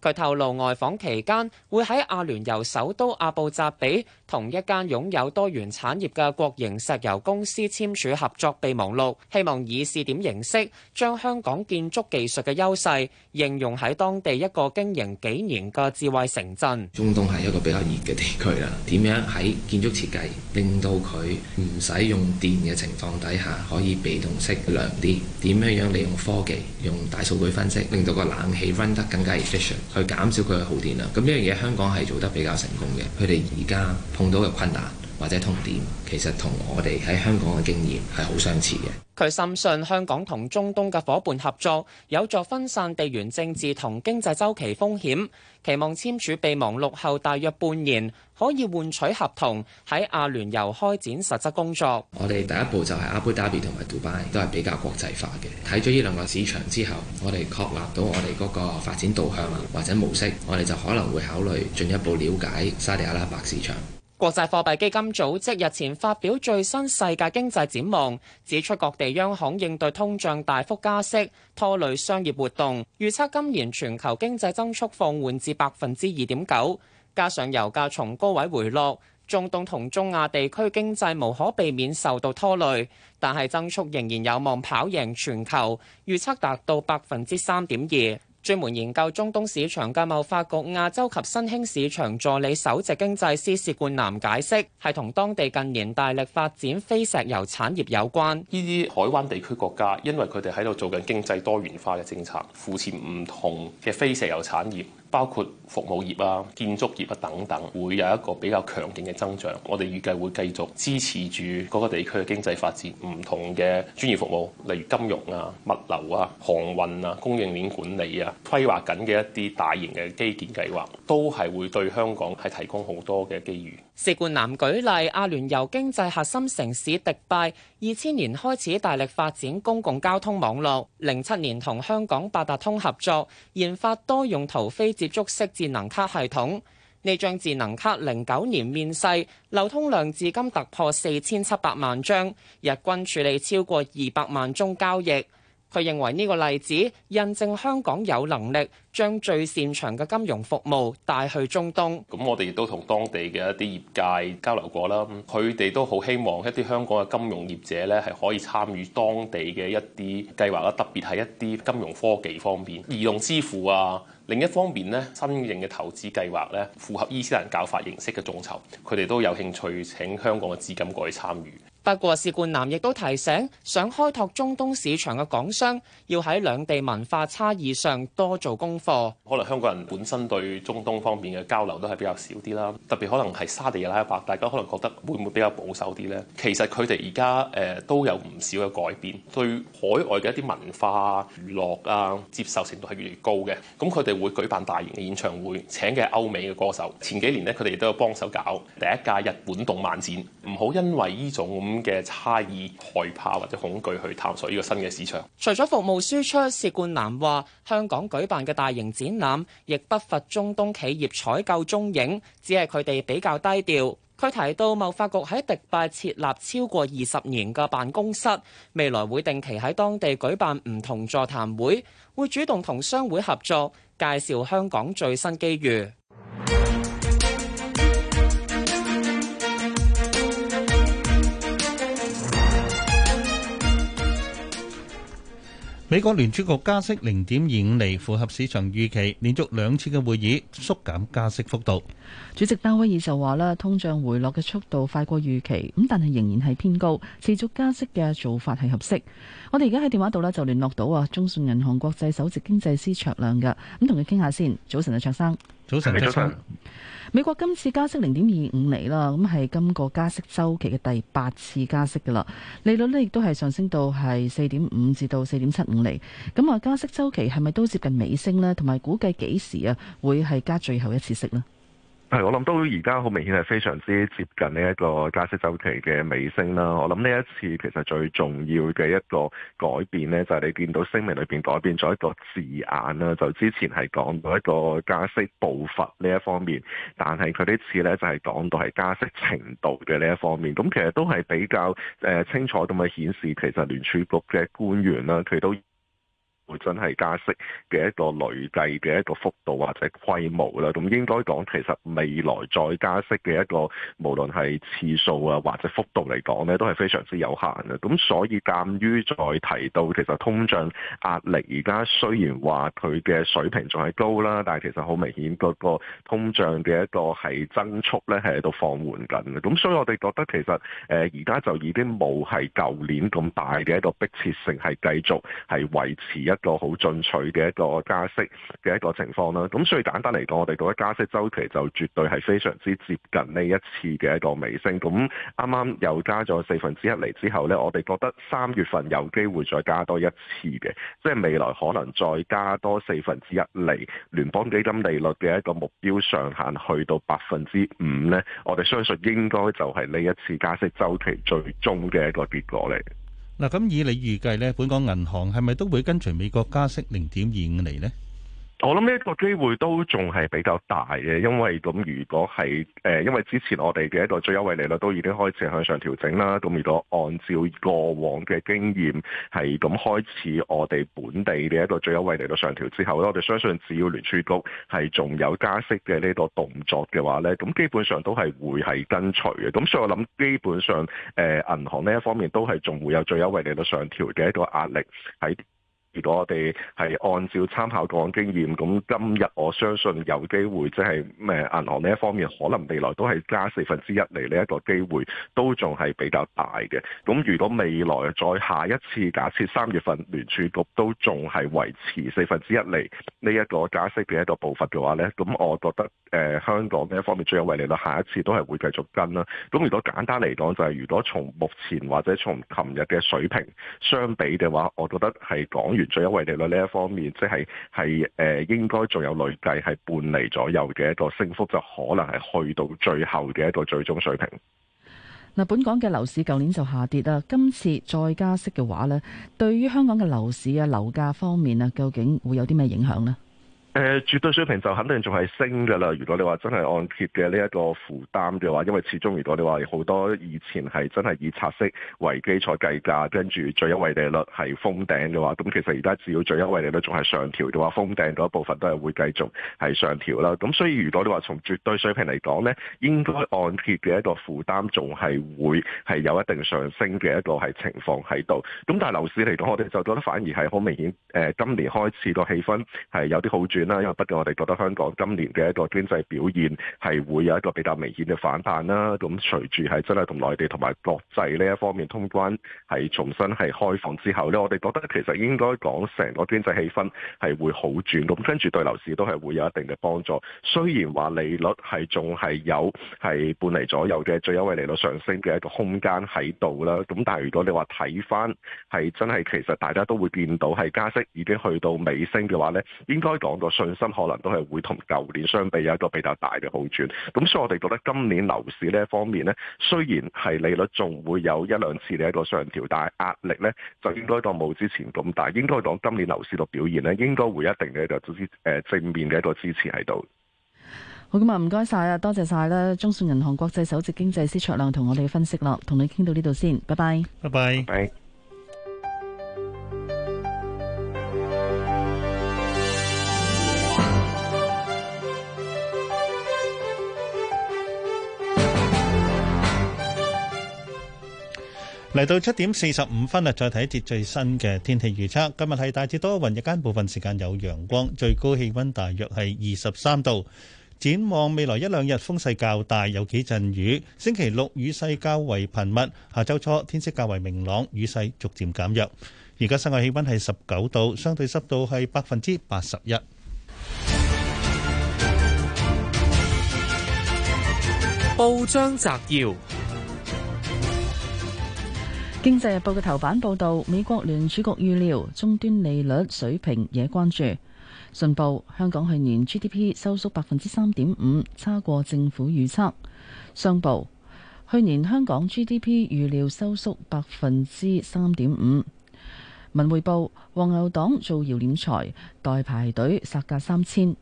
佢透露外訪期間會喺阿聯酋首都阿布扎比同一間擁有多元產業嘅國營石油公司簽署合作備忘錄，希望以試點形式將香港建築技術嘅優勢應用喺當地一個經營幾年嘅智慧城鎮。中東係一個比較熱嘅地區啦，點樣喺建築設計令到佢唔使用電嘅情況底下可以被動式涼啲？點樣樣利用科技用大數據分析，令到個冷氣 run 得更加 efficient？去減少佢嘅耗電量，咁呢樣嘢香港係做得比較成功嘅。佢哋而家碰到嘅困難，或者痛點，其實同我哋喺香港嘅經驗係好相似嘅。佢深信香港同中東嘅夥伴合作有助分散地緣政治同經濟周期風險，期望簽署備忘錄後大約半年可以換取合同喺阿聯酋開展實質工作。我哋第一步就係阿布達比同埋杜拜都係比較國際化嘅。睇咗呢兩個市場之後，我哋確立到我哋嗰個發展導向啊或者模式，我哋就可能會考慮進一步了解沙地阿拉伯市場。國際貨幣基金組織日前發表最新世界經濟展望，指出各地央行應對通脹大幅加息拖累商業活動，預測今年全球經濟增速放緩至百分之二點九。加上油價從高位回落，中東同中亞地區經濟無可避免受到拖累，但係增速仍然有望跑贏全球，預測達到百分之三點二。專門研究中東市場嘅貿發局亞洲及新興市場助理首席經濟師薛冠南解釋，係同當地近年大力發展非石油產業有關。呢啲海灣地區國家，因為佢哋喺度做緊經濟多元化嘅政策，扶持唔同嘅非石油產業。包括服務業啊、建築業啊等等，會有一個比較強勁嘅增長，我哋預計會繼續支持住嗰個地區嘅經濟發展。唔同嘅專業服務，例如金融啊、物流啊、航運啊、供應鏈管理啊，規劃緊嘅一啲大型嘅基建計劃都係會對香港係提供好多嘅機遇。薛冠南舉例，阿聯酋經濟核心城市迪拜，二千年開始大力發展公共交通網絡，零七年同香港八達通合作，研發多用途非接觸式智能卡系統。呢張智能卡零九年面世，流通量至今突破四千七百萬張，日均處理超過二百萬宗交易。佢認為呢個例子印證香港有能力將最擅長嘅金融服務帶去中東。咁我哋亦都同當地嘅一啲業界交流過啦，佢哋都好希望一啲香港嘅金融業者咧係可以參與當地嘅一啲計劃啦，特別係一啲金融科技方面，移動支付啊。另一方面呢，新型嘅投資計劃呢，符合伊斯蘭教法形式嘅眾籌，佢哋都有興趣請香港嘅資金過去參與。不過，史冠南亦都提醒，想開拓中東市場嘅港商，要喺兩地文化差異上多做功課。可能香港人本身對中東方面嘅交流都係比較少啲啦，特別可能係沙地嘅阿拉伯，大家可能覺得會唔會比較保守啲咧？其實佢哋而家誒都有唔少嘅改變，對海外嘅一啲文化娛樂啊，接受程度係越嚟越高嘅。咁佢哋會舉辦大型嘅演唱會，請嘅歐美嘅歌手。前幾年咧，佢哋都有幫手搞第一屆日本動漫展。唔好因為呢種嘅差異、害怕或者恐懼去探索呢個新嘅市場。除咗服務輸出，薛冠南話香港舉辦嘅大型展覽亦不乏中東企業採購蹤影，只係佢哋比較低調。佢提到貿發局喺迪拜設立超過二十年嘅辦公室，未來會定期喺當地舉辦唔同座談會，會主動同商會合作，介紹香港最新機遇。美國聯儲局加息零點二五厘，符合市場預期，連續兩次嘅會議縮減加息幅度。主席鮑威爾就話咧，通脹回落嘅速度快過預期，咁但係仍然係偏高，持續加息嘅做法係合適。我哋而家喺電話度咧就聯絡到啊中信銀行國際首席經濟師卓亮㗎，咁同佢傾下先。早晨啊，卓生。早晨，早晨。美國今次加息零點二五厘啦，咁係今個加息週期嘅第八次加息噶啦。利率呢亦都係上升到係四點五至到四點七五厘。咁啊，加息週期係咪都接近尾聲呢？同埋估計幾時啊會係加最後一次息呢？係，我諗都而家好明顯係非常之接近呢一個加息週期嘅尾聲啦。我諗呢一次其實最重要嘅一個改變呢，就係、是、你見到聲明裏邊改變咗一個字眼啦。就之前係講到一個加息步伐呢一方面，但係佢呢次呢，就係、是、講到係加息程度嘅呢一方面。咁其實都係比較誒、呃、清楚咁去顯示，其實聯儲局嘅官員啦，佢都會真係加息嘅一個累計嘅一個幅度或者規模啦，咁應該講其實未來再加息嘅一個無論係次數啊或者幅度嚟講咧，都係非常之有限嘅。咁所以鑒於再提到其實通脹壓力，而家雖然話，佢嘅水平仲係高啦，但係其實好明顯嗰個通脹嘅一個係增速，咧係喺度放緩緊嘅，咁所以我哋覺得其實誒而家就已經冇係舊年咁大嘅一個迫切性係繼續係維持一。一個好進取嘅一個加息嘅一個情況啦，咁所以簡單嚟講，我哋覺得加息週期就絕對係非常之接近呢一次嘅一個尾聲。咁啱啱又加咗四分之一釐之後呢，我哋覺得三月份有機會再加多一次嘅，即係未來可能再加多四分之一釐，聯邦基金利率嘅一個目標上限去到百分之五呢。我哋相信應該就係呢一次加息週期最終嘅一個結果嚟。嗱，咁以你預計呢，本港銀行係咪都會跟隨美國加息零點二五釐呢？我諗呢一個機會都仲係比較大嘅，因為咁如果係誒，因為之前我哋嘅一個最優惠利率都已經開始向上調整啦。咁如果按照過往嘅經驗，係咁開始我哋本地嘅一個最優惠利率上調之後咧，我哋相信只要聯儲局係仲有加息嘅呢個動作嘅話咧，咁基本上都係會係跟隨嘅。咁所以我諗，基本上誒，銀行呢一方面都係仲會有最優惠利率上調嘅一個壓力喺。如果我哋係按照參考港經驗，咁今日我相信有機會，就是，即係咩銀行呢一方面，可能未來都係加四分之一釐，呢一個機會都仲係比較大嘅。咁如果未來再下一次假設三月份聯儲局都仲係維持四分之一釐呢一個加息嘅一個步伐嘅話咧，咁我覺得誒、呃、香港呢一方面最有為力啦。下一次都係會繼續跟啦。咁如果簡單嚟講，就是，就係如果從目前或者從琴日嘅水平相比嘅話，我覺得係港。最優惠利率呢一方面，即係係誒，應該仲有累計係半厘左右嘅一個升幅，就可能係去到最後嘅一個最終水平。嗱，本港嘅樓市舊年就下跌啦，今次再加息嘅話咧，對於香港嘅樓市啊、樓價方面啊，究竟會有啲咩影響呢？誒、呃，絕對水平就肯定仲係升噶啦。如果你話真係按揭嘅呢一個負擔嘅話，因為始終如果你話好多以前係真係以拆息為基礎計價，跟住最優惠利率係封頂嘅話，咁其實而家只要最優惠利率仲係上調嘅話，封頂嗰一部分都係會繼續係上調啦。咁所以如果你話從絕對水平嚟講呢，應該按揭嘅一個負擔仲係會係有一定上升嘅一個係情況喺度。咁但係樓市嚟講，我哋就覺得反而係好明顯。誒、呃，今年開始個氣氛係有啲好轉。因為畢竟我哋覺得香港今年嘅一個經濟表現係會有一個比較明顯嘅反彈啦。咁隨住係真係同內地同埋國際呢一方面通關係重新係開放之後呢，我哋覺得其實應該講成個經濟氣氛係會好轉。咁跟住對樓市都係會有一定嘅幫助。雖然話利率係仲係有係半厘左右嘅最優惠利率上升嘅一個空間喺度啦。咁但係如果你話睇返係真係其實大家都會見到係加息已經去到尾聲嘅話呢，應該講到。信心可能都係會同舊年相比有一個比較大嘅好轉，咁所以我哋覺得今年樓市呢一方面呢，雖然係利率仲會有一兩次嘅一個上調，但係壓力呢就應該當冇之前咁大，應該講今年樓市嘅表現呢，應該會一定嘅一個支誒正面嘅一個支持喺度。好，咁啊，唔該晒啊，多謝晒啦，中信銀行國際首席經濟師卓亮同我哋分析啦，同你傾到呢度先，拜拜，拜拜，拜。嚟到七點四十五分啦，再睇一節最新嘅天氣預測。今日係大致多雲，日間部分時間有陽光，最高氣溫大約係二十三度。展望未來一兩日風勢較大，有幾陣雨。星期六雨勢較為頻密，下周初天色較為明朗，雨勢逐漸減弱。而家室外氣溫係十九度，相對濕度係百分之八十一。報章摘要。經濟日報嘅頭版報道，美國聯儲局預料終端利率水平惹關注。信報：香港去年 GDP 收縮百分之三點五，差過政府預測。商報：去年香港 GDP 預料收縮百分之三點五。文匯報：黃牛黨造謠斂財，代排隊殺價三千。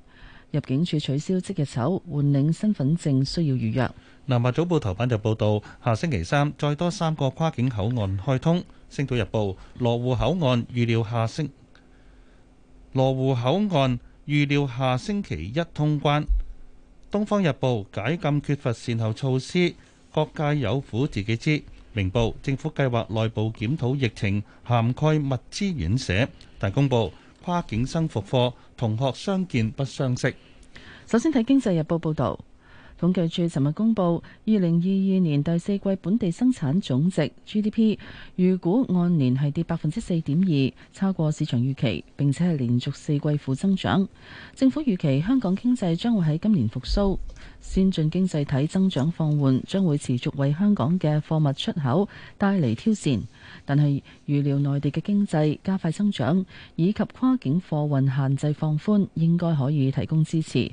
入境處取消即日籌換領身份證需要預約。南華早報頭版就報道，下星期三再多三個跨境口岸開通。星島日報，羅湖口岸預料下星羅湖口岸預料下星期一通關。東方日報，解禁缺乏善後措施，各界有苦自己知。明報，政府計劃內部檢討疫情涵蓋物資院舍，大公報跨境生復課，同學相見不相識。首先睇經濟日報報道。統計處尋日公布，二零二二年第四季本地生產總值 GDP 預估按年係跌百分之四點二，超過市場預期，並且係連續四季負增長。政府預期香港經濟將會喺今年復甦。先進經濟體增長放緩將會持續為香港嘅貨物出口帶嚟挑戰，但係預料內地嘅經濟加快增長，以及跨境貨運限制放寬，應該可以提供支持。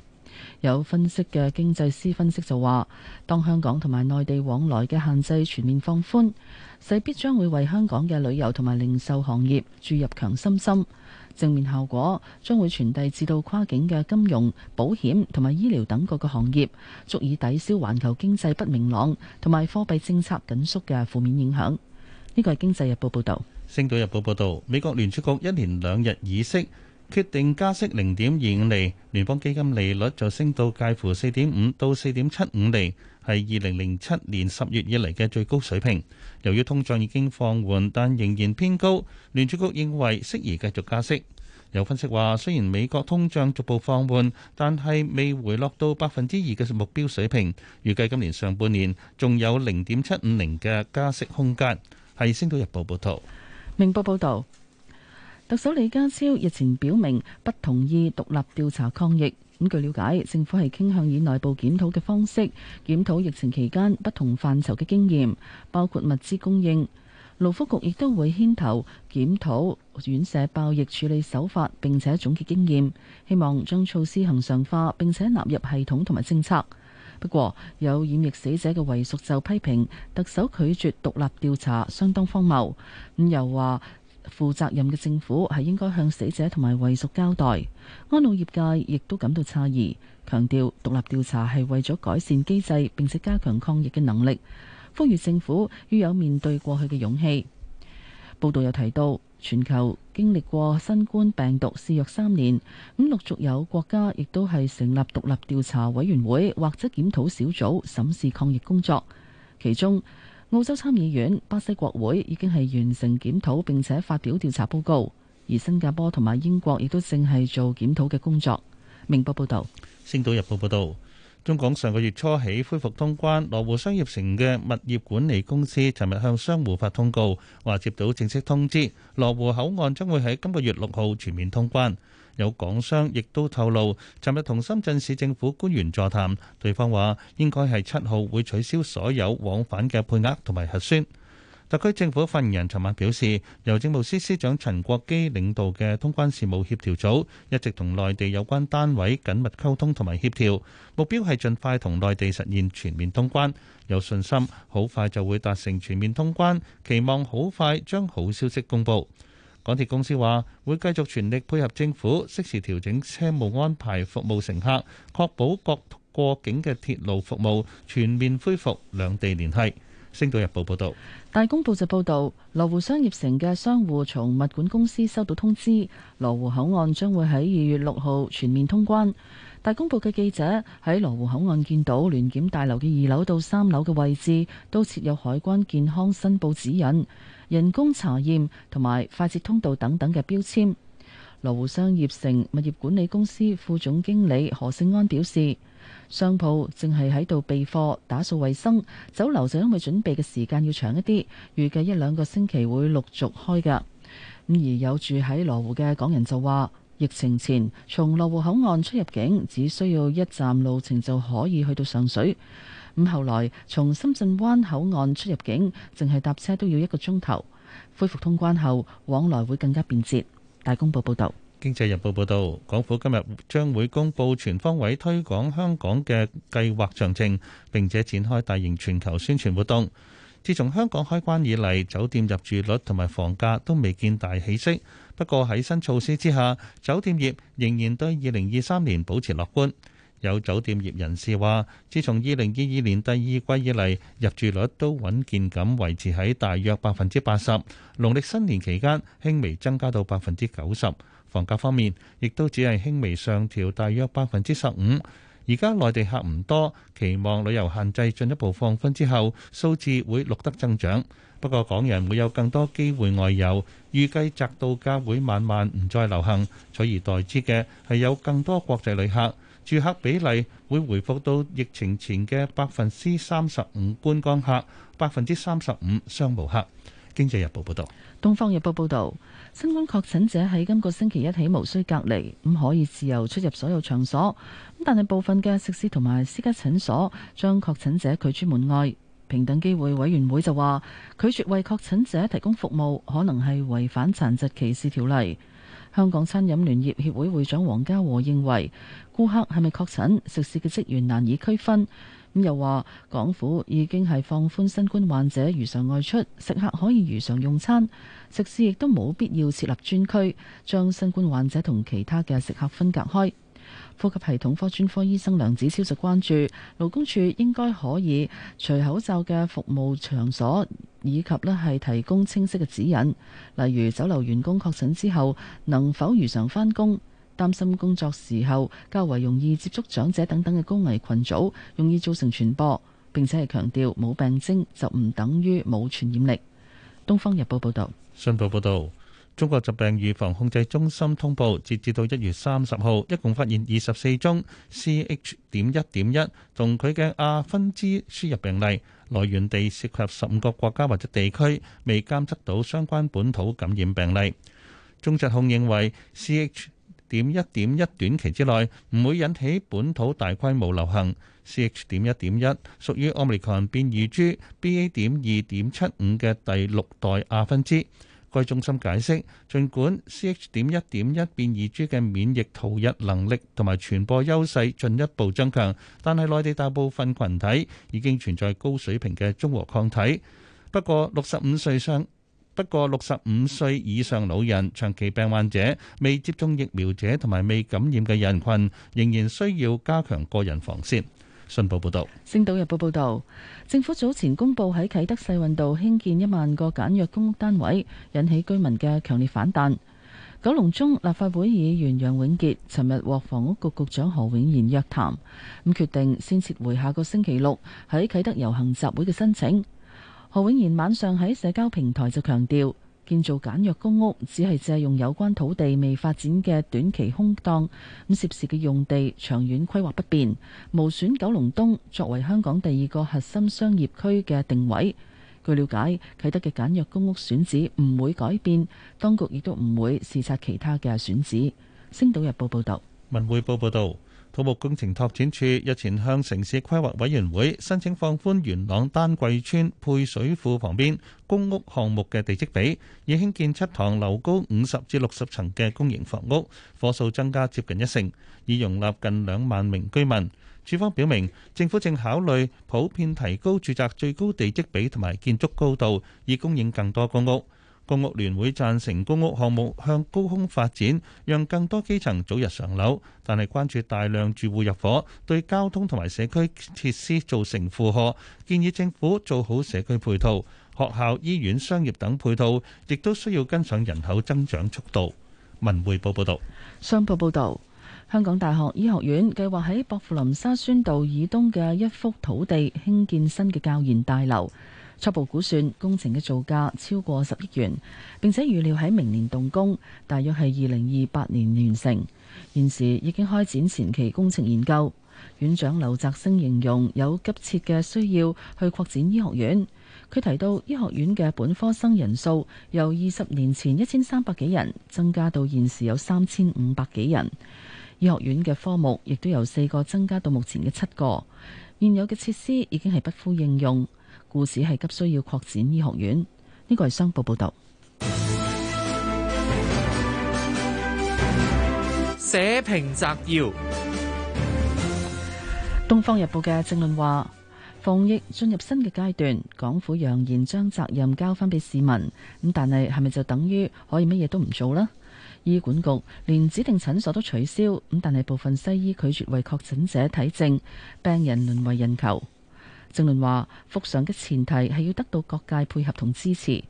有分析嘅經濟師分析就話：當香港同埋內地往來嘅限制全面放寬，勢必將會為香港嘅旅遊同埋零售行業注入強心針，正面效果將會傳遞至到跨境嘅金融、保險同埋醫療等各個行業，足以抵消環球經濟不明朗同埋貨幣政策緊縮嘅負面影響。呢個係《經濟日報》報導，《星島日報》報導，美國聯儲局一連兩日議息。決定加息零點二五釐，聯邦基金利率就升到介乎四點五到四點七五釐，係二零零七年十月以嚟嘅最高水平。由於通脹已經放緩，但仍然偏高，聯儲局認為適宜繼續加息。有分析話，雖然美國通脹逐步放緩，但係未回落到百分之二嘅目標水平。預計今年上半年仲有零點七五零嘅加息空間。係星島日報報道，明報報道。特首李家超日前表明不同意獨立調查抗疫，咁據了解，政府係傾向以內部檢討嘅方式檢討疫情期間不同範疇嘅經驗，包括物資供應。勞福局亦都會牽頭檢討院舍爆疫處理手法，並且總結經驗，希望將措施恆常化並且納入系統同埋政策。不過，有染疫死者嘅遺屬就批評特首拒絕獨立調查相當荒謬，咁又話。負責任嘅政府係應該向死者同埋遺屬交代。安老業界亦都感到詫異，強調獨立調查係為咗改善機制，並且加強抗疫嘅能力，呼籲政府要有面對過去嘅勇氣。報道又提到，全球經歷過新冠病毒肆虐三年，咁陸續有國家亦都係成立獨立調查委員會或者檢討小組審視抗疫工作，其中，澳洲參議院、巴西國會已經係完成檢討並且發表調查報告，而新加坡同埋英國亦都正係做檢討嘅工作。明報報道。《星島日報》報道，中港上個月初起恢復通關，羅湖商業城嘅物業管理公司尋日向商戶發通告，話接到正式通知，羅湖口岸將會喺今個月六號全面通關。有港商亦都透露，尋日同深圳市政府官員座談，對方話應該係七號會取消所有往返嘅配額同埋核酸。特區政府發言人尋晚表示，由政務司司長陳國基領導嘅通關事務協調組一直同內地有關單位緊密溝通同埋協調，目標係盡快同內地實現全面通關，有信心好快就會達成全面通關，期望好快將好消息公布。港鐵公司話會繼續全力配合政府，適時調整車務安排服務乘客，確保各過境嘅鐵路服務全面恢復兩地聯繫。星島日報報道，大公報就報導，羅湖商業城嘅商戶從物管公司收到通知，羅湖口岸將會喺二月六號全面通關。大公報嘅記者喺羅湖口岸見到，聯檢大樓嘅二樓到三樓嘅位置都設有海關健康申報指引。人工查驗同埋快捷通道等等嘅標籤。羅湖商業城物業管理公司副總經理何勝安表示，商鋪正係喺度備貨、打掃衞生，酒樓就因為準備嘅時間要長一啲，預計一兩個星期會陸續開㗎。咁而有住喺羅湖嘅港人就話，疫情前從羅湖口岸出入境只需要一站路程就可以去到上水。咁後來從深圳灣口岸出入境，淨係搭車都要一個鐘頭。恢復通關後，往來會更加便捷。大公報報道。《經濟日報》報道，港府今日將會公布全方位推廣香港嘅計劃詳情，並且展開大型全球宣傳活動。自從香港開關以嚟，酒店入住率同埋房價都未見大起色。不過喺新措施之下，酒店業仍然對二零二三年保持樂觀。有酒店業人士話，自從2022年第二季以嚟，入住率都穩健咁維持喺大約百分之八十。農曆新年期間，輕微增加到百分之九十。房價方面，亦都只係輕微上調，大約百分之十五。而家內地客唔多，期望旅遊限制進一步放寬之後，數字會錄得增長。不過，港人會有更多機會外遊，預計宅度假會慢慢唔再流行，取而代之嘅係有更多國際旅客。住客比例會回復到疫情前嘅百分之三十五，觀光客百分之三十五，商務客。經濟日報報道：「東方日報報道，新冠確診者喺今個星期一起無需隔離，唔可以自由出入所有場所。咁但係部分嘅設施同埋私家診所將確診者拒出門外。平等機會委員會就話，拒絕為確診者提供服務可能係違反殘疾歧視條例。香港餐飲聯業協會,會會長黃家和認為。顧客係咪確診？食肆嘅職員難以區分。咁又話港府已經係放寬新冠患者如常外出，食客可以如常用餐。食肆亦都冇必要設立專區，將新冠患者同其他嘅食客分隔開。呼吸系統科專科醫生梁子超就關注，勞工處應該可以除口罩嘅服務場所，以及呢係提供清晰嘅指引，例如酒樓員工確診之後能否如常返工。擔心工作時候較為容易接觸長者等等嘅高危羣組，容易造成傳播。並且係強調冇病徵就唔等於冇傳染力。《東方日報》報導，《信報》報導，中國疾病預防控制中心通報，截至到一月三十號，一共發現二十四宗 C H 點一點一同佢嘅亞分支輸入病例，來源地涉及十五個國家或者地區，未監測到相關本土感染病例。中疾控認為 C H。點一點一短期之內唔會引起本土大規模流行。CH 點一點一屬於奧密克戎變異株 BA 點二點七五嘅第六代亞分支。該中心解釋，儘管 CH 點一點一變異株嘅免疫逃逸能力同埋傳播優勢進一步增強，但係內地大部分群體已經存在高水平嘅中和抗體。不過，六十五歲上。不過，六十五歲以上老人、長期病患者、未接種疫苗者同埋未感染嘅人群，仍然需要加強個人防線。信報報導，星島日報報道，政府早前公布喺啟德世運道興建一萬個簡約公屋單位，引起居民嘅強烈反彈。九龍中立法會議員楊永傑尋日獲房屋局局長何永賢約談，咁決定先撤回下個星期六喺啟德遊行集會嘅申請。何永賢晚上喺社交平台就強調，建造簡約公屋只係借用有關土地未發展嘅短期空檔，咁涉事嘅用地長遠規劃不變，無損九龍東作為香港第二個核心商業區嘅定位。據了解，啟德嘅簡約公屋選址唔會改變，當局亦都唔會視察其他嘅選址。星島日報報道，文匯報報道。土木工程拓展處日前向城市規劃委員會申請放寬元朗丹桂村配水庫旁邊公屋項目嘅地積比，以興建七幢樓高五十至六十層嘅公營房屋，戶數增加接近一成，以容納近兩萬名居民。署方表明，政府正考慮普遍提高住宅最高地積比同埋建築高度，以供應更多公屋。公屋聯會贊成公屋項目向高空發展，讓更多基層早日上樓，但係關注大量住戶入伙，對交通同埋社區設施造成負荷，建議政府做好社區配套，學校、醫院、商業等配套亦都需要跟上人口增長速度。文匯報報導，商報報導，香港大學醫學院計劃喺薄扶林沙宣道以東嘅一幅土地興建新嘅教研大樓。初步估算工程嘅造價超過十億元，並且預料喺明年動工，大約係二零二八年完成。現時已經開展前期工程研究。院長劉澤星形容有急切嘅需要去擴展醫學院。佢提到醫學院嘅本科生人數由二十年前一千三百幾人增加到現時有三千五百幾人，醫學院嘅科目亦都由四個增加到目前嘅七個，現有嘅設施已經係不敷應用。故事係急需要擴展醫學院，呢個係商報報道。社評摘要：東方日報嘅政論話，防疫進入新嘅階段，港府揚言將責任交翻俾市民，咁但係係咪就等於可以乜嘢都唔做咧？醫管局連指定診所都取消，咁但係部分西醫拒絕為確診者睇症，病人淪為人球。政論話，復常嘅前提係要得到各界配合同支持，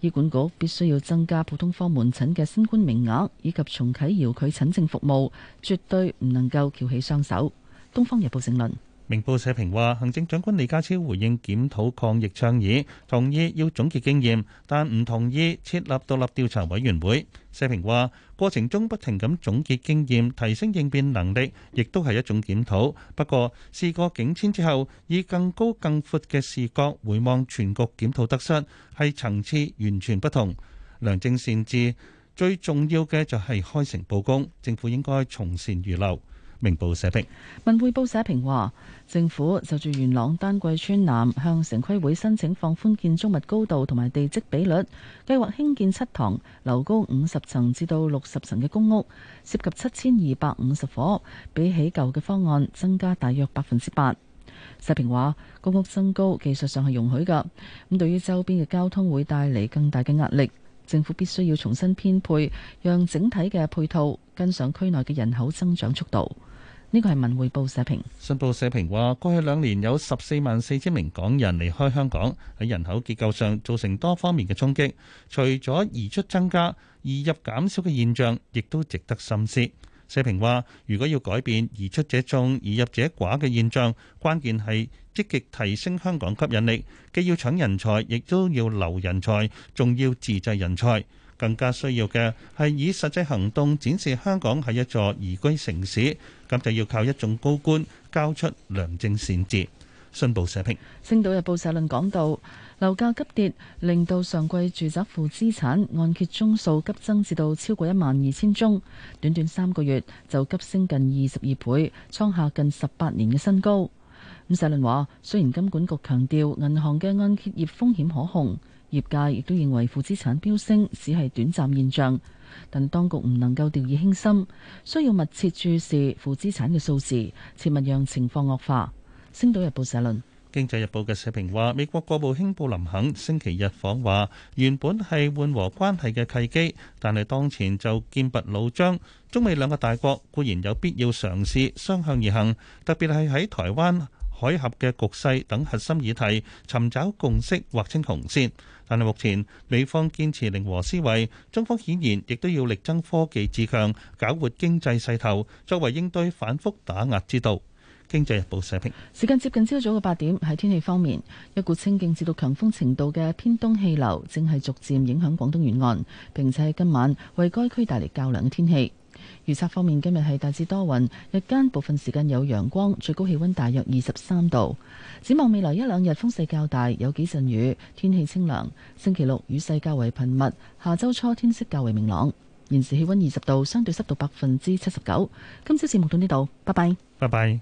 醫管局必須要增加普通科門診嘅新冠名額，以及重啟遙距診症服務，絕對唔能夠翹起雙手。東方日報政論。明報社評話，行政長官李家超回應檢討抗疫倡議，同意要總結經驗，但唔同意設立獨立調查委員會。社評話，過程中不停咁總結經驗，提升應變能力，亦都係一種檢討，不過事過境遷之後以更高更闊嘅視角回望全局檢討得失，係層次完全不同。良政善治最重要嘅就係開誠布公，政府應該從善如流。明報社評，文匯報社評話，政府就住元朗丹桂村南向城規會申請放寬建築物高度同埋地積比率，計劃興建七幢樓高五十層至到六十層嘅公屋，涉及七千二百五十伙，比起舊嘅方案增加大約百分之八。社評話，公屋增高技術上係容許嘅，咁對於周邊嘅交通會帶嚟更大嘅壓力，政府必須要重新編配，讓整體嘅配套跟上區內嘅人口增長速度。呢個係文匯報社評。新報社評話，過去兩年有十四萬四千名港人離開香港，喺人口結構上造成多方面嘅衝擊。除咗移出增加、移入減少嘅現象，亦都值得深思。社評話，如果要改變移出者眾、移入者寡嘅現象，關鍵係積極提升香港吸引力，既要搶人才，亦都要留人才，仲要自製人才。更加需要嘅係以實際行動展示香港係一座宜居城市，咁就要靠一眾高官交出良政善治。信報社評。星島日報社論講到，樓價急跌令到上季住宅負資產按揭宗數急增至到超過一萬二千宗，短短三個月就急升近二十二倍，創下近十八年嘅新高。咁社論話，雖然金管局強調銀行嘅按揭業風險可控。業界亦都認為負資產飆升只係短暫現象，但當局唔能夠掉以輕心，需要密切注視負資產嘅數字，切勿讓情況惡化。星島日報社論。《經濟日報》嘅社評話：美國國務卿布林肯星期日訪華，原本係緩和關係嘅契機，但係當前就劍拔弩張。中美兩個大國固然有必要嘗試雙向而行，特別係喺台灣。海峽嘅局勢等核心議題，尋找共識，劃清紅線。但係目前美方堅持零和思維，中方顯然亦都要力爭科技自強，搞活經濟勢頭，作為應對反覆打壓之道。經濟日報社評。時間接近朝早嘅八點，喺天氣方面，一股清勁至到強風程度嘅偏東氣流正係逐漸影響廣東沿岸，並且喺今晚為該區帶嚟較涼嘅天氣。預測方面，今日係大致多雲，日間部分時間有陽光，最高氣溫大約二十三度。展望未來一兩日風勢較大，有幾陣雨，天氣清涼。星期六雨勢較為頻密，下周初天色較為明朗。現時氣溫二十度，相對濕度百分之七十九。今朝節目到呢度，拜拜。拜拜。